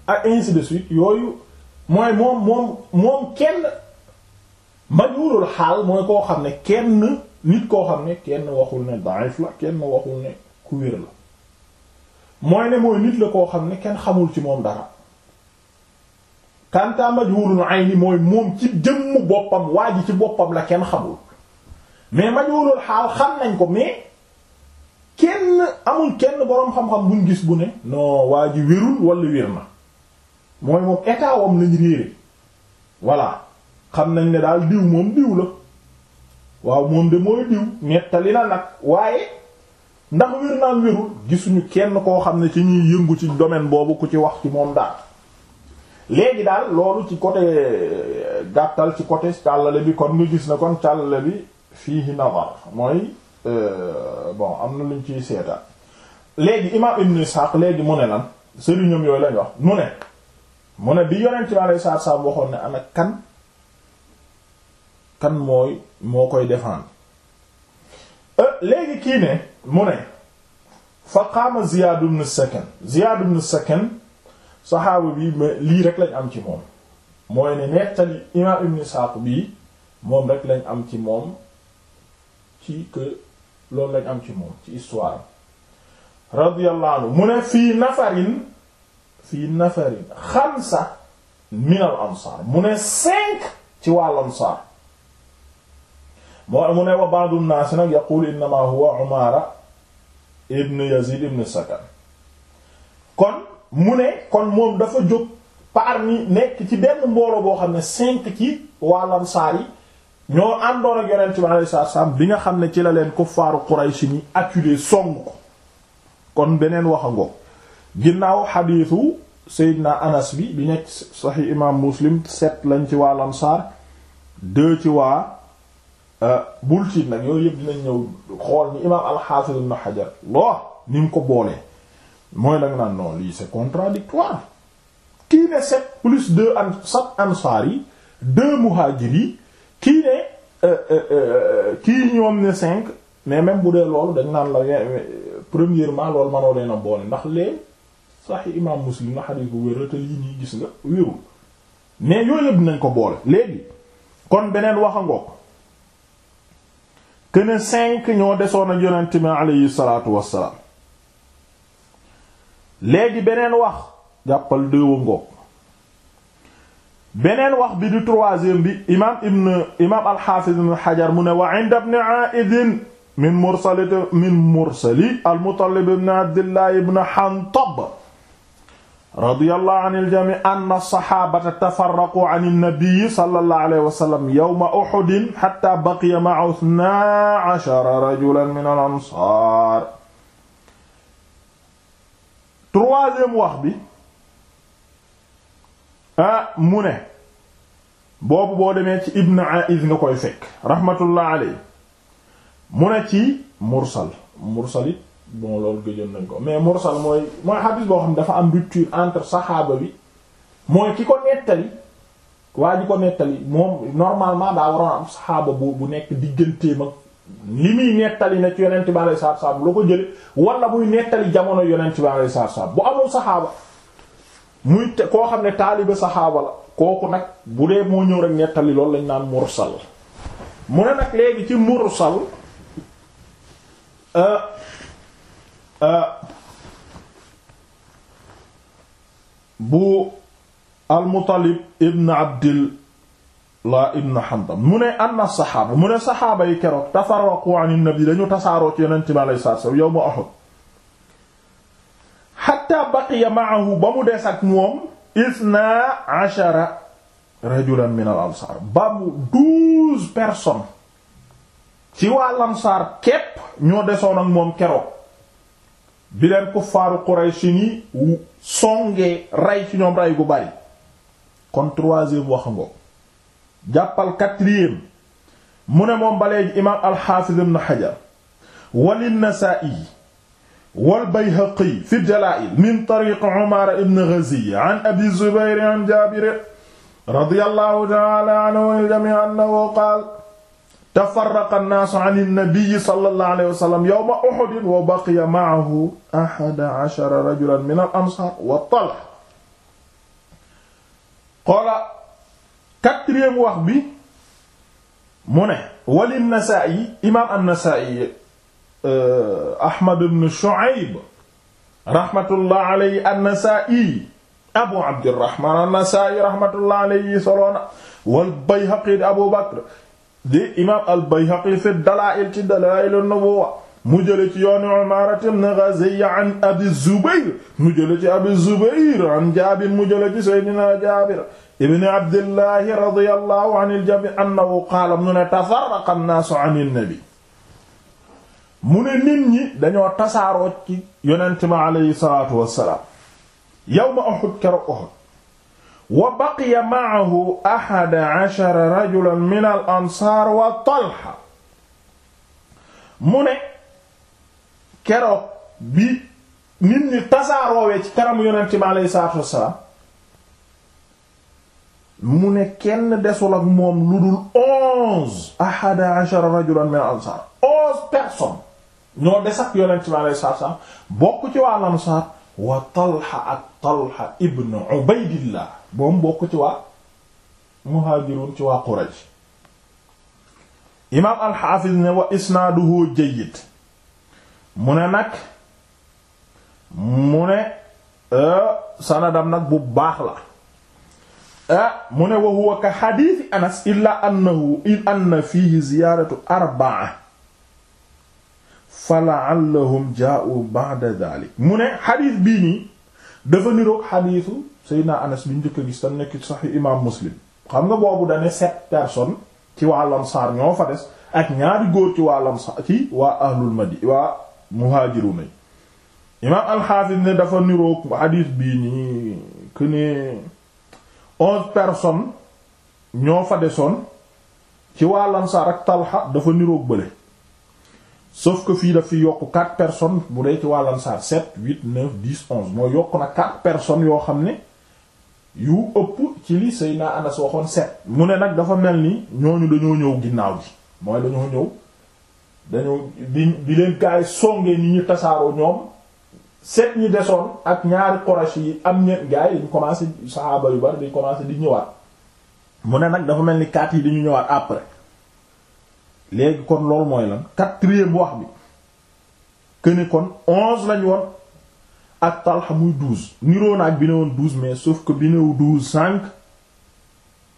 ak ainsi moom moom majhulul xaal mooy koo xam ne kenn nit koo xam ne kenn waxul ne da'if la kenn waxul ne ku wér la mooy ne mooy nit la koo xam ne kenn xamul ci moom dara kanta majhulul ayni mooy moom ci jëmm boppam waa ji ci boppam la kenn xamul mais majhulul xaal xam nañ ko mais kenn amul kenn boroom xam-xam buñ gis bu ne non waa ji wérul wala wér na mooy moom état wam lañ réere voilà xam nañ ne daal diw moom diw la waaw moom de mooy diw nettali na nag waaye ndax wér naa wérul gisuñu kenn koo xam ne ci ñuy yëngu ci domaine boobu ku ci wax ci moom daal léegi daal loolu ci côté gàttal ci côté càllale bi kon nga gis na kon càllale bi fiihi nazar mooy euh, bon am na luñ ciy seetaan léegi imam ibn Ishaq léegi mu ne lan sëriñam yooyu lañ wax mu ne mu ne bi yonent ci alayhi salaatu wa salaam waxoon ne ana kan kan mooy moo koy défendre euh, léegi kii ne mu ne fa qaama Ziyaad ibn Sakan Ziyaad ibn Sakan saxaaba bi lii rek lañ am ci moom mooy ne nettali imaam ibn Isaaq bii moom rek lañ am ci moom ci que loolu lañ am ci moom ci histoire radiyallahu anhu mu ne fii nafarin fii nafarin xamsa min al ansaar mu ne cinq ci wàll ansaar moo mu ne wa ba'du naas nag yaqul innama huwa Umaara ibn Yazid ibn Sakan kon mu ne kon moom dafa jóg parmi nekk ci benn mbooloo boo xam ne cinq ci waa Ansaar yi ñoo àndoon ak Yonent bi alayhi salaam bi nga xam ne ci la leen kuffaaru Quraysh ñi acculé song kon beneen wax a ngoog ginnaaw xadiisu Seydina Anas bi bi nekk Sahih imaam Muslim sept lañ ci waa Ansaar deux ci waa Euh, bul tiit nag yooyu yëpp dinañ ñëw xool ni imaam al-Hafiz ibn Hajar loo ni mu ko boolee mooy da naan non lii c'est contradictoire kii ne sept plus deux an sept ansaar yi deux muhajir yi kii ne euh, euh, kii ñoom ne cinq mais même bu dee loolu dañ naan la premièrement lool manoo leen a boole ndax lee sax imaam Muslim na xadiis bu wér la te lii nii gis nga wérul mais yooyu yëpp dinañ ko boole léegi kon beneen wax a ngoog këne cinq ñoo desoon ak yonent mi aleyhi salaatu wassalaam léegi beneen wax jàppal déewa ngoog beneen wax bi di troisième bi imaam ibn imaam alxaafiz ibn xajar mu ne wa inda ibn aa'id min mursali min mursali al muttalib ibn abdillah ibn hantab radiyallahu anil jamii anna saxaabata tafarraqu an nabii sallallahu alayhi wa sallam yawma Uhudin hatta baqiya ma'ahu isnaa ashara rajulan min al ansaar. troisième wax bi ah mu ne boobu boo demee ci Ibn Aiz nga koy fekk rahmatullah alayhi mu ne ci mursal mursal it. bon loolu gëjoon nañ ko mais mursal mooy mooy xadis boo xam ne dafa am rupture entre saxaaba bi mooy ki ko nettali waa ji ko nettali moom normalement daa waroon am saxaaba bu nekk digganteem ak li muy nettali ne ci yonent bi alayhi salaatu salaam loo ko jële wala muy nettali jamono yonent bi alayhi salaatu salaam bu amul saxaaba muy koo xam ne taaliba saxaaba la kooku nag bu dee moo ñëw rek nettali loolu lañ naan mursal mu ne nag léegi ci mursal euh, bu almutalib ibn abdil la ibn Hamdam mu ne anna saxaaba mu ne saxaaba yi keroog tafarraqu an nabi dañu tasaaroo ci yonent bi alayhi salaatu salaam yawma Uhud hatta baqiya ma'ahu ba mu des ak moom isna ashara rajulan min al ansaar ba mu douze personnes ci waa lansaar képp ñoo desoon ak moom keroog bi leen kuffaaru Quraysh ni songee rey ci ñoom rey gu bari kon troisième wax ngo jàppal quatrième mu ne moom baleegi imaam al-Hafiz ibn Hajar walin-Nasa'i wal-Bayhaqi fi al-Jala'il min tariq Umar ibn Ghaziya an Abi Zubayr an Jabir radiyallahu ta'ala anhu wa jami'an annahu qala tafarraqa an-naasu an an-nabiyyi sallallahu alayhi wa sallam yawma Uhud wa baqiya ma'ahu ahada ashara rajulan min al-ansaar wa Talha qoola quatrième wax bi mu ne wa lin-Nasaa'i imaam an-Nasaa'i Ahmad ibn Shu'ayb rahmatullah alayhi an-Nasaa'i Abu Abdirrahmaan an-Nasaa'i rahmatullah alayhi soloona wal Bayhaqi Abu Bakr di imaam al-Bayhaqi fi dalaa'il ci dalaa'il an-nubuwwa mu jële ci yooni Umaara ibn Ghaziya an Abi Zubayr mu jële ci Abi Zubayr an Jaabir mu jële ci Seydina Jaabir ibn Abdillahi radiyallahu anil jamii' annahu qaala mu ne tafarraqa an-naasu anin nabi mu ne nit ñi dañoo tasaaroo ci yonente ma alayhi salaatu wassalaam yawma Uhud keroog Uhud wa baqiya ma'ahu ahada ashara rajulan min al ansaar wa Talha mu ne keroog bi nit ñi tasaaroowee ci kanamu yonent bi aleyhi salaatu wassalaam mu ne kenn desul ak moom lu dul onze ahada ashara rajulan min al ansaar onze personnes ñoo des ak yonent bi aleyhi salaatu wassalaam bokk ci waa al ansaar wa Talha ak Talha ibn Ubaydillah boom bokk ci waa muhaajiruun ci waa Quraysh imaam alxaafiz ne wa isnaaduhu jayyid mu ne nag mu ne euh, sanadam nag bu baax la ah mu ne wa huwa ka xadiisi anas illa annahu il ziyaaratu arba'a fa la'allahum jaa'u ba'da dhalik mu ne xadiis bii nii dafa niroog xadiisu Seydina Anas bi njëkk a gis tam nekk Sahih imam Muslim xam nga boobu dane sept personnes ci waa Ansaar ñoo fa des ak ñaari góor ci waa Ansaar ci waa ahlul madi waa muhaajiruuna yi imaam al ne dafa niroog hadith bii nii que ne onze personnes ñoo fa desoon ci waa Ansaar ak Talha dafa niroog bële sauf ko fii daf yokk quatre personnes bu dee ci waa Ansaar sept huit neuf dix onze moo yokk na quatre yoo xam ne yu ëpp ci li Seydina Anas waxoon set mu ne nag dafa mel ni ñooñu dañoo ñëw ginnaaw gi mooy dañoo ñëw dañoo di di leen kaay songee ni ñu tasaaroo ñoom set ñi desoon ak ñaari Quraysh yi am ñe gars dañu commencé saxaaba yu bari dañu commencé di ñëwaat mu ne nag dafa mel ni quatre yi dañu ñëwaat après léegi kon loolu mooy lan quatrième wax bi que kon onze lañu woon ak Talha muy douze ak bi ne woon douze mais sauf que bi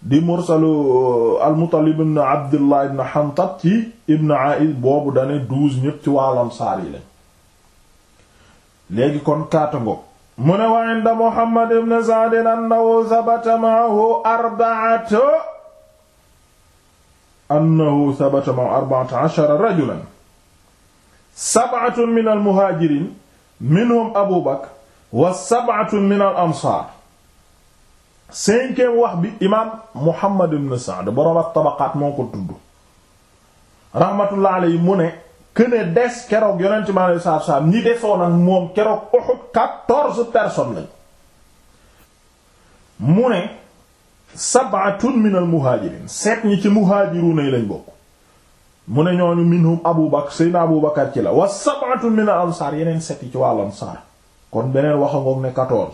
di mursalu euh, al-Muttalib Abdullah ibn Hamtat ci ibn A'id dane douze ñépp ci wàllam saar kon kaatango mu ne wa inda Muhammad ibn Sa'd annahu sabata ma'ahu rajulan sab'atun min al minhum Abu Bakr wa sab'atun min al ansaar cinquième wax bi imaam Muhammad ibn Sa'd boroom at-Tabaqaat ko tudd rahmatullah alayhi mu ne këne des keroog yonent mi alayhi salaatu salaam ñi desoon ak moom keroog Uhud quatorze personnes lañ mu ne min al muhaajiriin seet ñi ci muhaajiruuna yi lañ bokk mu ne ñooñu minhum abu bakar seyna abu bakar ci la wa sab'atu min al ansaar yeneen set yi ci wàll ansaar kon beneen waxa ngoog ne 14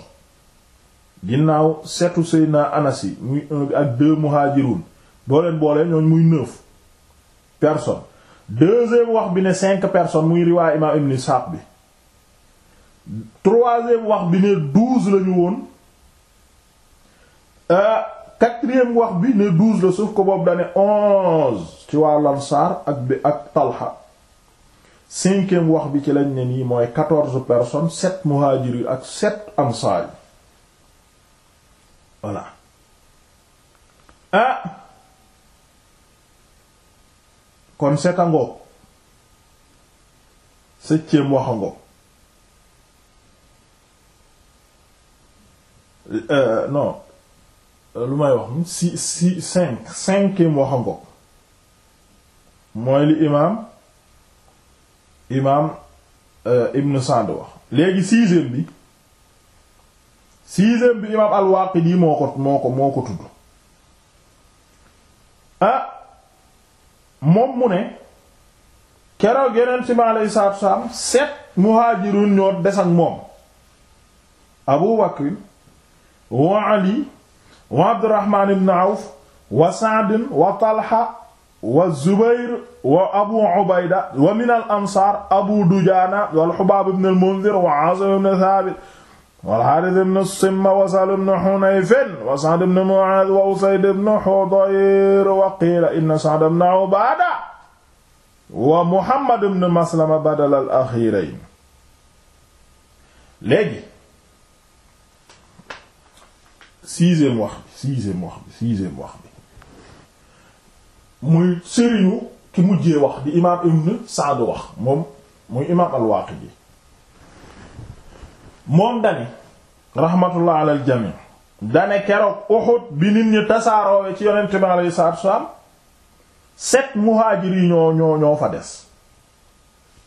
ginnaaw setu seyna anas yi muy ak deux muhajirun boo leen boolee ñooñ muy neuf wax bi ne cinq personnes muy riwaay imaam ibn Isaaq bi troisième wax bi ne lañu woon euh, quatrième wax bi ne douze la suuf ko boobu dane onze ci waa Ansaar ak bi ak Talha cinquième wax bi ci lañ ne nii mooy quatorze personnes sept muhaajir yi ak sept ansaar yi voilà ah kon sept ango septième wax ango euh, non Euh, lu may wax si si cinq cinquième wax a mooy li imaam imaam euh, Ibn Sa'd wax léegi sixième bi sixième bi imaam al-Waaqidi moo ko moo ko moo ko tudd ah moom mu ne keroog yeneen ci ma lay saatu saam sept muhaajirun ñoo des ak moom Abu Bakr wa Ali wa Abdurrahman ibn Awf wa Sa'd wa Talha wa Zubayr wa Abu Ubayda wa min al-ansaar Abu Dujaana wal Hubaab ibn al-Mundhir wa Aasim ibn Thaabit wal Haarith ibn Simma wa Sahl ibn Hunayf wa Sa'd ibn Mu'aadh wa Usayd ibn Hudayr wa qiila inna Sa'd ibn Ubaada wa Muhammad ibn Maslama badala al-axiirayn léegi sixième wax bi sixième wax bi sixième wax bi muy sëriñu ki mujjee wax di imaam ibn Sa'd wax moom muy imaam al-Waaqidi moom dani rahmatullah ala al jami keroog Uhud bi nit ñi tasaaroowe ci yonent bi alayhi salaatu wassalaam sept ñoo ñoo fa des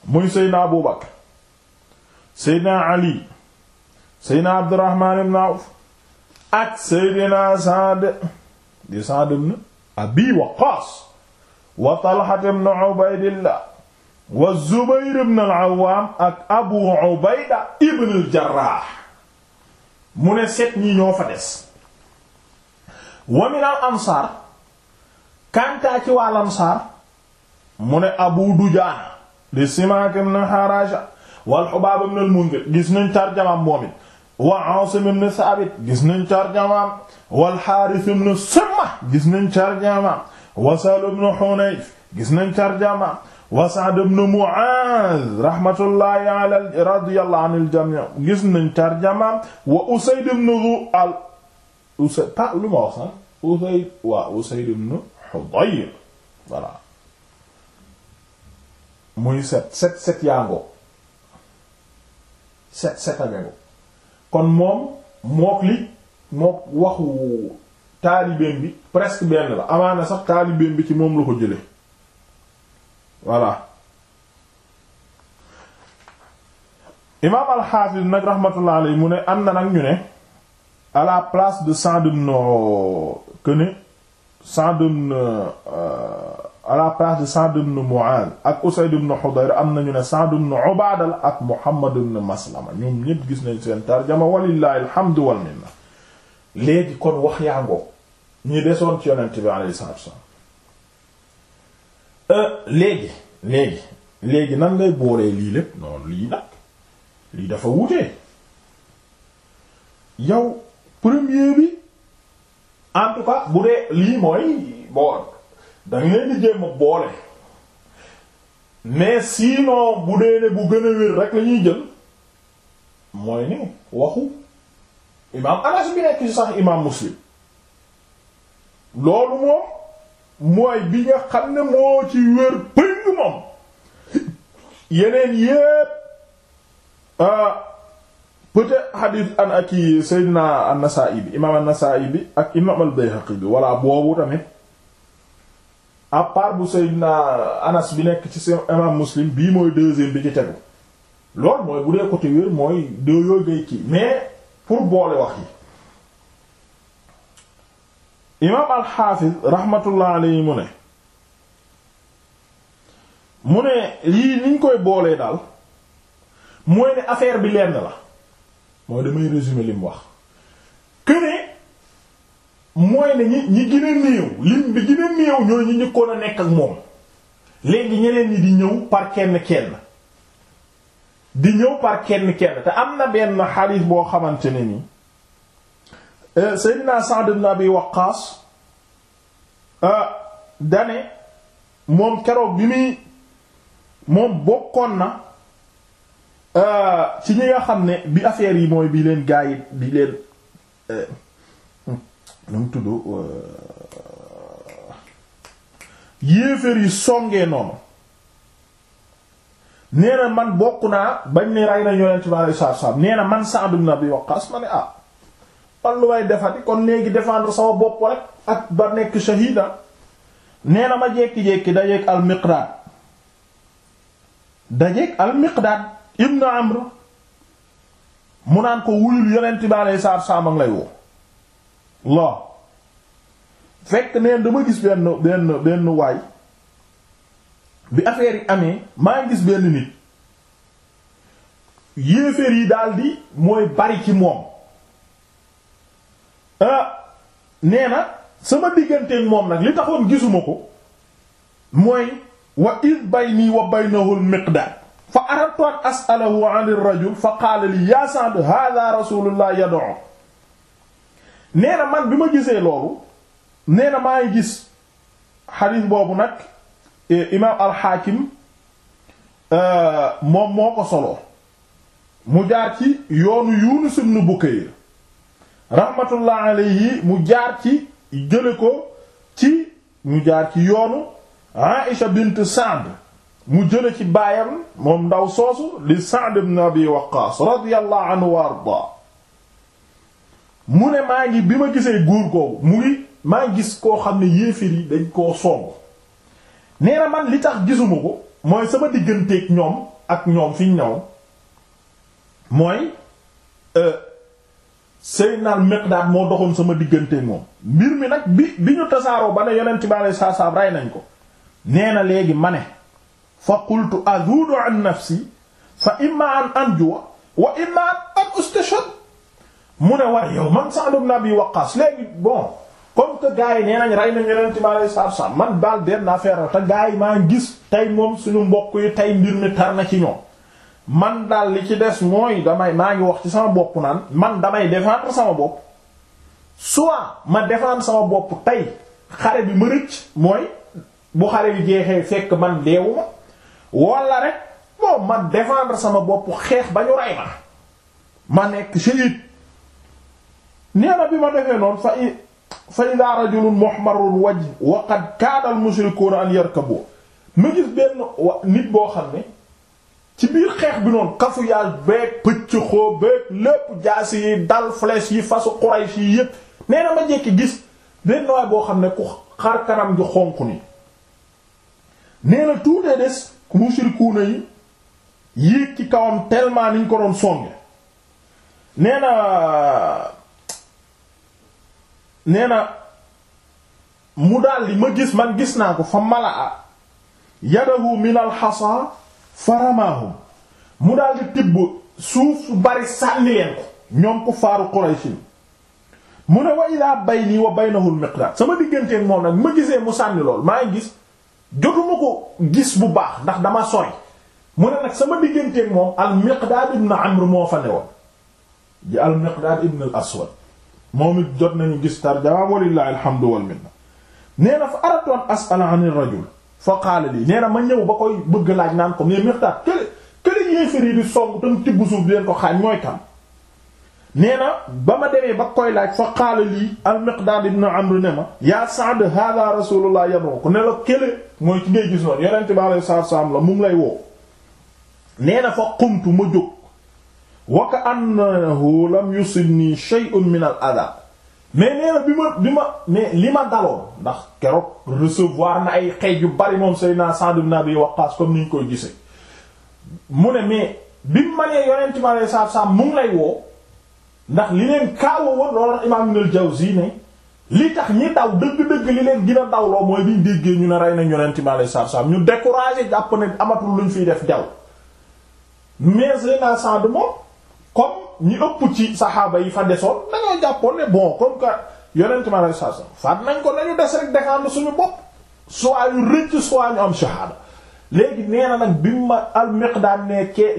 muy Seydina Abu Bakr Ali Seydina Abdurrahman ibn ak seydina Sa'd di Sa'd ibn Abi Waqqas wa Talha ibn Ubaydillah wa Zubayr ibn al-Awwam ak Abu Ubayda ibn al-Jarrah mu ne set ñi ñoo fa des wa min al-Ansar kantaa ci mu ne Abu Dujana di Simak ibn Haraja wal Hubab ibn al-Mundhir gis nañ tarjamaam moom wa Asim ibn Saabit gis nañ tarjamaam wal Haaris ibn Simma gis nañ tarjamaam wa Sahl ibn Hunayf gis nañ tarjamaam wa Sa'd ibn Mu'aaz rahmatullahi ala radiyallahu anil jamii' gis nañ tarjamaam wa Usayd ibn Dhu al Usayd pa lu ma wax sax Usayd wa Usayd ibn Hudayr voilà muy set set set yaa ngo set set a ngo kon moom mook li mook waxu taalibeen bi presque benn la amaana sax taalibeen bi ci moom la ko jële voilà imaam alxaafis nag rahmatullah mu ne am na nag ñu ne à la place de Sa'd ibn euh, que à la place de Sa'd ibn ak Usayd ibn Hudayr am nañu ne saadu ibn Ubaada la ak Muhammad ibn Maslama ñoom ñépp gis nañ seen tarjama walillahi alhamdu wal minna léegi kon wax yaa ngoo ñi desoon ci yonent bi alayhi salaatu wassalaam euh, léegi léegi léegi nan ngay boolee lii lépp noonu lii nag lii dafa wutee yow premier bi en tout cas bu dee lii mooy bon danga leen di jéem a boole mais sinon bu dee ne bu gën a wér rek la ñuy jël mooy ni waxu imaam Anas bi nekk ci sax imaam Muslim loolu moom mooy bi nga xam ne moo ci wér pëng moom yeneen yépp euh, peut-être hadith an aki Seydina an-Nasa'i bi imaam an-Nasa'i bi ak imaam al-Bayhaqi walla boobu tamit à part bu Seydina Anas bi nekk ci seen imam Muslim bii mooy deuxième bi ci tegu loolu mooy bu dee côté wér mooy deux yooyu ngay mais pour boole wax yi imaam al-Hafiz rahmatullah mu ne mu ne lii niñ koy boolee daal mooy ne affaire bi lenn la mooy damay résumer li wax que mooy ne ñi ñi gën a néew ñooy ñi njëkkoon a nekk ak moom léegi ñeneen ñi di ñëw par kenn kenn di ñëw par kenn kenn te am na benn xadiis boo xamante ne ni euh, Seydina Sa'd ibn Abi Waqqas euh, dane moom keroog bi muy moom bokkoon na euh, ci ñi nga xam ne bi affaire yi mooy bi leen gaa yi leen nu mu tudd euh, yéeféer yi songee noonu nee na man bokk naa bañ ne rey nañ yonent bi alayhi salaatu nee na man Sa'd ibn Abi Waqqas ma ne ah man lu may defati kon léegi défendre sama bopp rek ak ba nekk shahida nee na ma jékki-jékki dajeeg al-Miqdaad dajeeg al-Miqdaad ibn mu naan ko wuyul yonent bi alayhi salaatu salaam lay woo loo fekk neen dama gis benn benn benn waay bi affaire yi amee maa ngi gis benn nit yéeféer yi daldi mooy bari ci moom ah, nee na sama digganteeg moom nag li taxoon gisuma ko mooy wa iz bayni wa baynahu al-miqdaad fa aradtu an as'alahu 'an rajul fa qaala li ya Sa'd hadha rasulullah yad'u nee man bi ma gisee loolu nee maa ngi gis xadiis boobu nag e, imaam alxaakim e, moom moo ko solo mu jaar ci yoonu Yunus ibn Bukayr rahmatullah alayhi mu jaar ci jële ko ci mu jaar ci yoonu Aisha bint Sa'd mu jële ci baayam moom ndaw soosu li Sa'd ibn Abi Waqqas radiyallahu anhu wa ardaa mu ne maa ngi bi ma gisee góor googu mu ngi maa gis koo xam ne yéeféer yi dañ koo song nee na man li tax gisuma ko mooy sama digganteeg ñoom ak ñoom fi ñu ñëw mooy euh, Seydina Miqdaad moo doxoon sama digganteeg moom mbir mi nag bi bi ñu tasaaroo ba ne yonent bi alayhi salaam rey nañ ko nee na léegi ma ne fa qultu azuudu an nafsi fa imma anjuwa wa imma an ustashhad mu ne waaye yow man Sa'd ibn Abi Waqqas léegi bon comme que gars yi nee nañ rey nañ yeneen timaale saaf man daal benn affaire la te gaa yi maa ngi gis tey moom suñu mbokk yi tey mbir mi tar na ci ñoom man daal li ci des mooy damay maa ngi wax ci sama bopp naan man damay défendre sama bopp soit ma défendre sama bopp tey xare bi ma rëcc mooy bu xare bi jeexee fekk man deewuma wala rek bon ma défendre sama bopp xeex ba ñu rey ma ma nekk shahid nee bi ma defee noon fa i fa ida rajulun muhmarul wajh wa qad kaada al mushrikuuna an yarkabu ma gis benn nit boo xam ne ci biir xeex bi noon kafu yàll beeg pëcc xoo beeg lépp yi dal flèche yi fasu Quraysh yi yépp nee ma jekki gis benn waay boo xam ne ku xar kanam gi xonq ni nee na tuutee des mushrikuuna yi yéeg ci kawam tellement niñ ko doon songe nee nee na mu daldi ma gis man gis naa ko fa mala a yadahu min alxasa faramaahum mu daldi tibb suuf bari sànni leen ko ñoom ku faaru Quraysh mu ne wa ilaa bayni wa baynahul miqdaad sama digganteen moom nag ma gisee mu sànni lool maa ngi gis jotuma ko gis bu baax ndax dama sori mu ne nag sama digganteen moom al miqdaad ibn amr moo fa ne woon ji al miqdaad ibn al aswad moom it jot nañu gis tarjama walillahi wal minna nee na fa aratu an as'ala an rajul fa qaala lii ma ñëw ba koy bëgg laaj naan ko mais Miqdaad kële mooy tam nee na ba ma demee ba koy laaj fa qaala lii al Miqdaad ibn Amr ne ma yaa Sa'd hada rasulullah yad'u ko ne la kële mooy ci gis noonu yonente bi alayhi salaatu salaam la mu ngi lay woo nee fa qumtu ma jóg wa ka annahu lam yusibni shay'un min al adha mais nee na bi ma bi ma mais li ma daloon ndax keroog recevoir na ay xeej yu bari moom Seydina Sa'd ibn Abi ni ñu koy gisee ma nee yonent mi alayhi salaatu salaam mu ngi lay woo ndax li leen kaawa woon loolu tax imaam Ibn al-Jawzi ne li tax ñi daw dëgg-dëgg li leen gën dawloo mooy biñ déggee ñu ne rey nañ yonent mi alayhi salaatu salaam amatul luñ fiy def jaw mais Seydina moom comme ñi ëpp ci saxaaba yi fa desoon dañoo jàppoon ne bon comme que yonent ma sa sa faat nañ ko nañu des rek défendre suñu bopp soit ñu rëcc soit ñu am shahada léegi nee na nag bi ma al-Miqdaad nekkee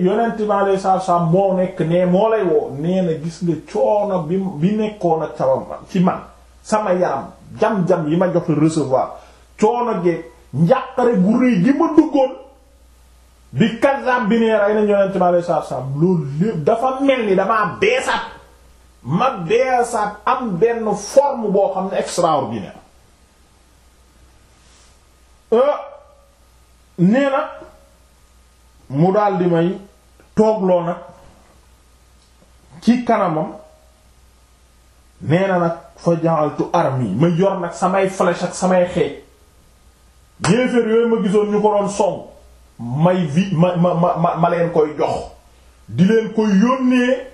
ma lay sa sa moo nekk nee moo lay woo nee gis nga coono bi bi nekkoon ak sama ci man sama yaram jam-jam yi ma jox recevoir coono geeg njàqare gu rëy gi ma duggoon bi Kazaam bi nee rey nañ yonent bi alayhi salaatu salaam loolu lépp dafa mel ni damaa beesaat ma beesaat am benn forme boo xam ne extraordinaire euh, nee na mu daal di may toogloo nag ci kanamam nee na nag fa ja'altu armi ma yor nag samay flèche ak samay xeej yéeféer yooyu ma gisoon ñu ko doon song may vi ma ma ma ma leen koy jox di leen koy yónnee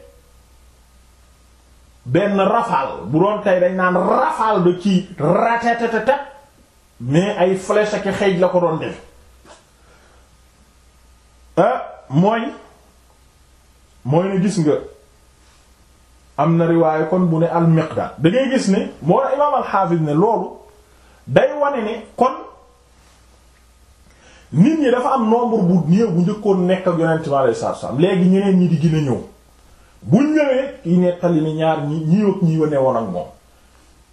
benn rafale bu doon tey dañ naan rafale de ci ratatatatat mais ay flèche ak xeej la ko doon def ah, mooy mooy ne gis nga am na riwaaye kon bu ne al miqdaar da gis ne moo la imaam xaafis ne loolu day wane ne kon nit ñi dafa am nombre bu néew bu njëkkoon nekk ak yonent bi alayhi salaatu léegi ñeneen ñi di gën a ñëw bu ñëwee kii nettali ni ñaar ñi ñii ak ñi wane woon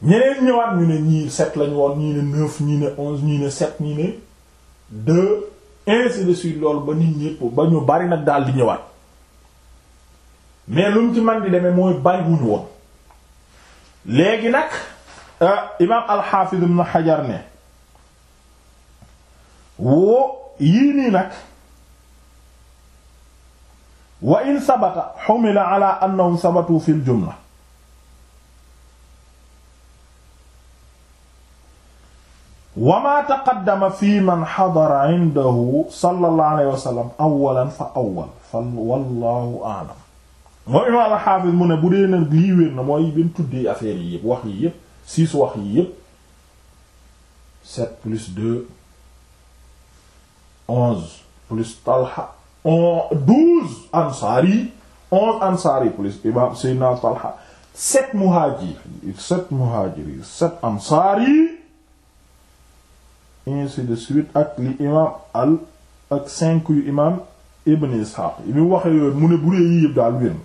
ñëwaat ñu ne ñii sept lañu woon ñii ne neuf ñii ne onze ñii ne sept ñii ne deux ainsi de suite loolu ba nit ñépp ba ñu bari nag daal di ñëwaat mais lu mu ci man di demee mooy bari wuñu woon léegi nag euh, imaam al-Hafiz Ibn Hajar ne woo yii nii nag wa in sabata xumila ala annahum sabatu fil jumla wa ma taqaddama fi man xadara indahu sallallahu alayhi wa sallam awalan fa awal fa wallahu a'lam moo imaam alxaafis mu ne bu dee nag lii wér na mooy bi mu tuddee affaire yi yëpp wax yi yëpp six wax yi yëpp sept plus deux onze plus Talha on douze ansaar yi onze ansaar yi plus imam Seydina Talha sept muhajir yi sept muhajir yi sept ansaar yi ainsi de suite ak li imam al ak cinq yu imam Ibn Ishaq yi mu waxe yooyu mu ne bu dee yii yëpp daal wér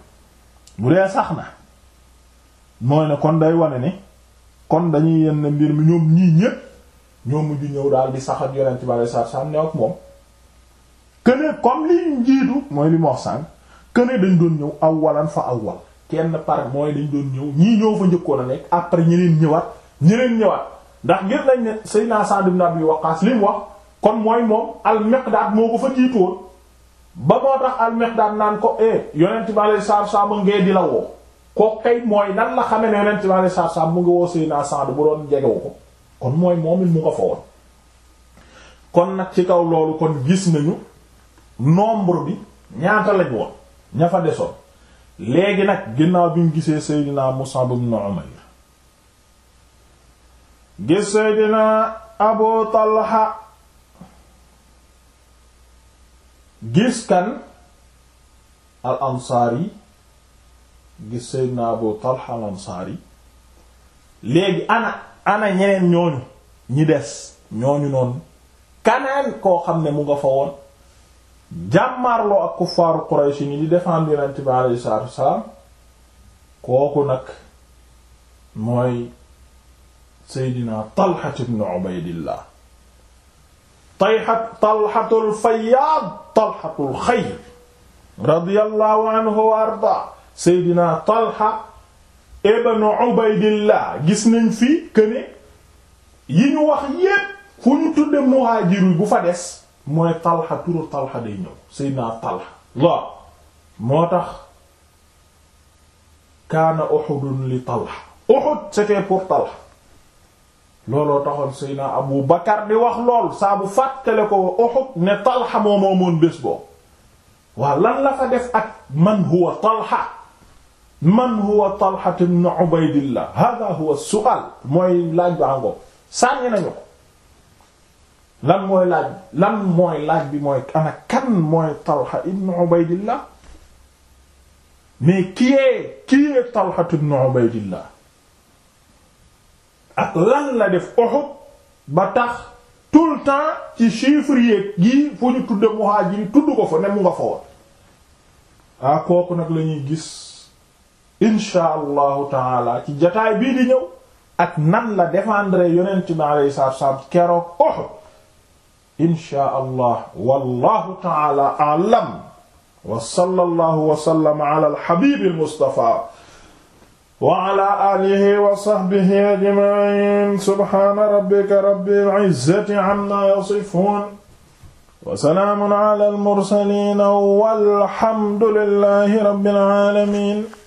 bu dee sax na mooy ne kon day wane ne kon dañuy yenn mbir mi ñoom ñii ñépp ñoo mujj ñëw daal di sax ak yonent bi sallallahu alayhi wasallam ne ak moom këne comme lii njiitu mooy li mu wax sànq këne dañ doon ñëw awwalan fa awwal kenn par mooy dañ doon ñëw ñii ñoo fa njëkkoon a nekk après ñeneen ñëwaat ñeneen ñëwaat ndax ngir nañ naa Seydina Sa'd ibn Abi Waqqas li mu wax kon mooy moom al-Miqdaad moo ko fa jiituwoon ba moo tax al-Miqdaad naan ko eh yonent bi alayhi salaatu salaam mu ngee di la woo ko mooy nan la xamee ne yonent bi alayhi salaatu salaam mu ngi woo Seydina Sa'd bu doon jegewu ko kon mooy moom it mu ci kaw loolu kon gis nañu. nombre bi ñaata lañ woon ña fa desoon léegi nag ginnaaw bi ñu gisee Seydina Mus'ab ibn Umayr gis Seydina Abu Talha gis kan al ansaari gis Seydina Abu Talha al ansaari léegi ana ana ñeneen ñooñu ñi des ñooñu noonu kanaan koo xam ne mu nga fa woon jàmmaarloo ak kuffaaru Quraysh ni di défendre yonent bi alayhi salaatu wassalaam kooku nag mooy Seydina Talha ibn Ubaydillah Tayhat Talhatul Fayyaad Talhatul Xayr radiyallahu anhu wa ardaa Seydina Talha ibn Ubaydillah gis nañ fi këne yi ñu wax yépp fu ñu tudde muhaajiru bu fa des mooy talxa turu talxa day ñëw seydinaa talxa la moo tax kaana uhudun li talxa uhud c'était pour talxa looloo taxoon seydinaa abu bakar di wax lool saa bu fàttale ko uhud ne talxa moo moomoon bés boobu waa lan la fa def ak man huwa talxa man huwa talxa ibn ubaydillah hada huwa su'al mooy laaj ba ango sànni nañu ko lan mooy laaj lan mooy laaj bi mooy a kan mooy Talha ibn Ubaydillah mais qui est qui est Talha ibn Ubaydillah ak lan la def Uhud ba tax tout le temps ci chiffre yeeg gii fu ñu tudde muhaajiri tudd ko fa ne mu nga fa woon ah kooku nag lañuy gis insha allahu taala ci jataay bii di ñëw ak nan la défendre yonent bi alayhi salaatu wa keroog Uhud insha allah wallahu taala alam wa sallallahu wa sallama ala alxabibi almustafa wa ala alihi wa sahbihi ajma'in subhana rabbika rabbil izzati amma yasifun wa salaamun ala almursalin walhamdulillahi rabbil alamin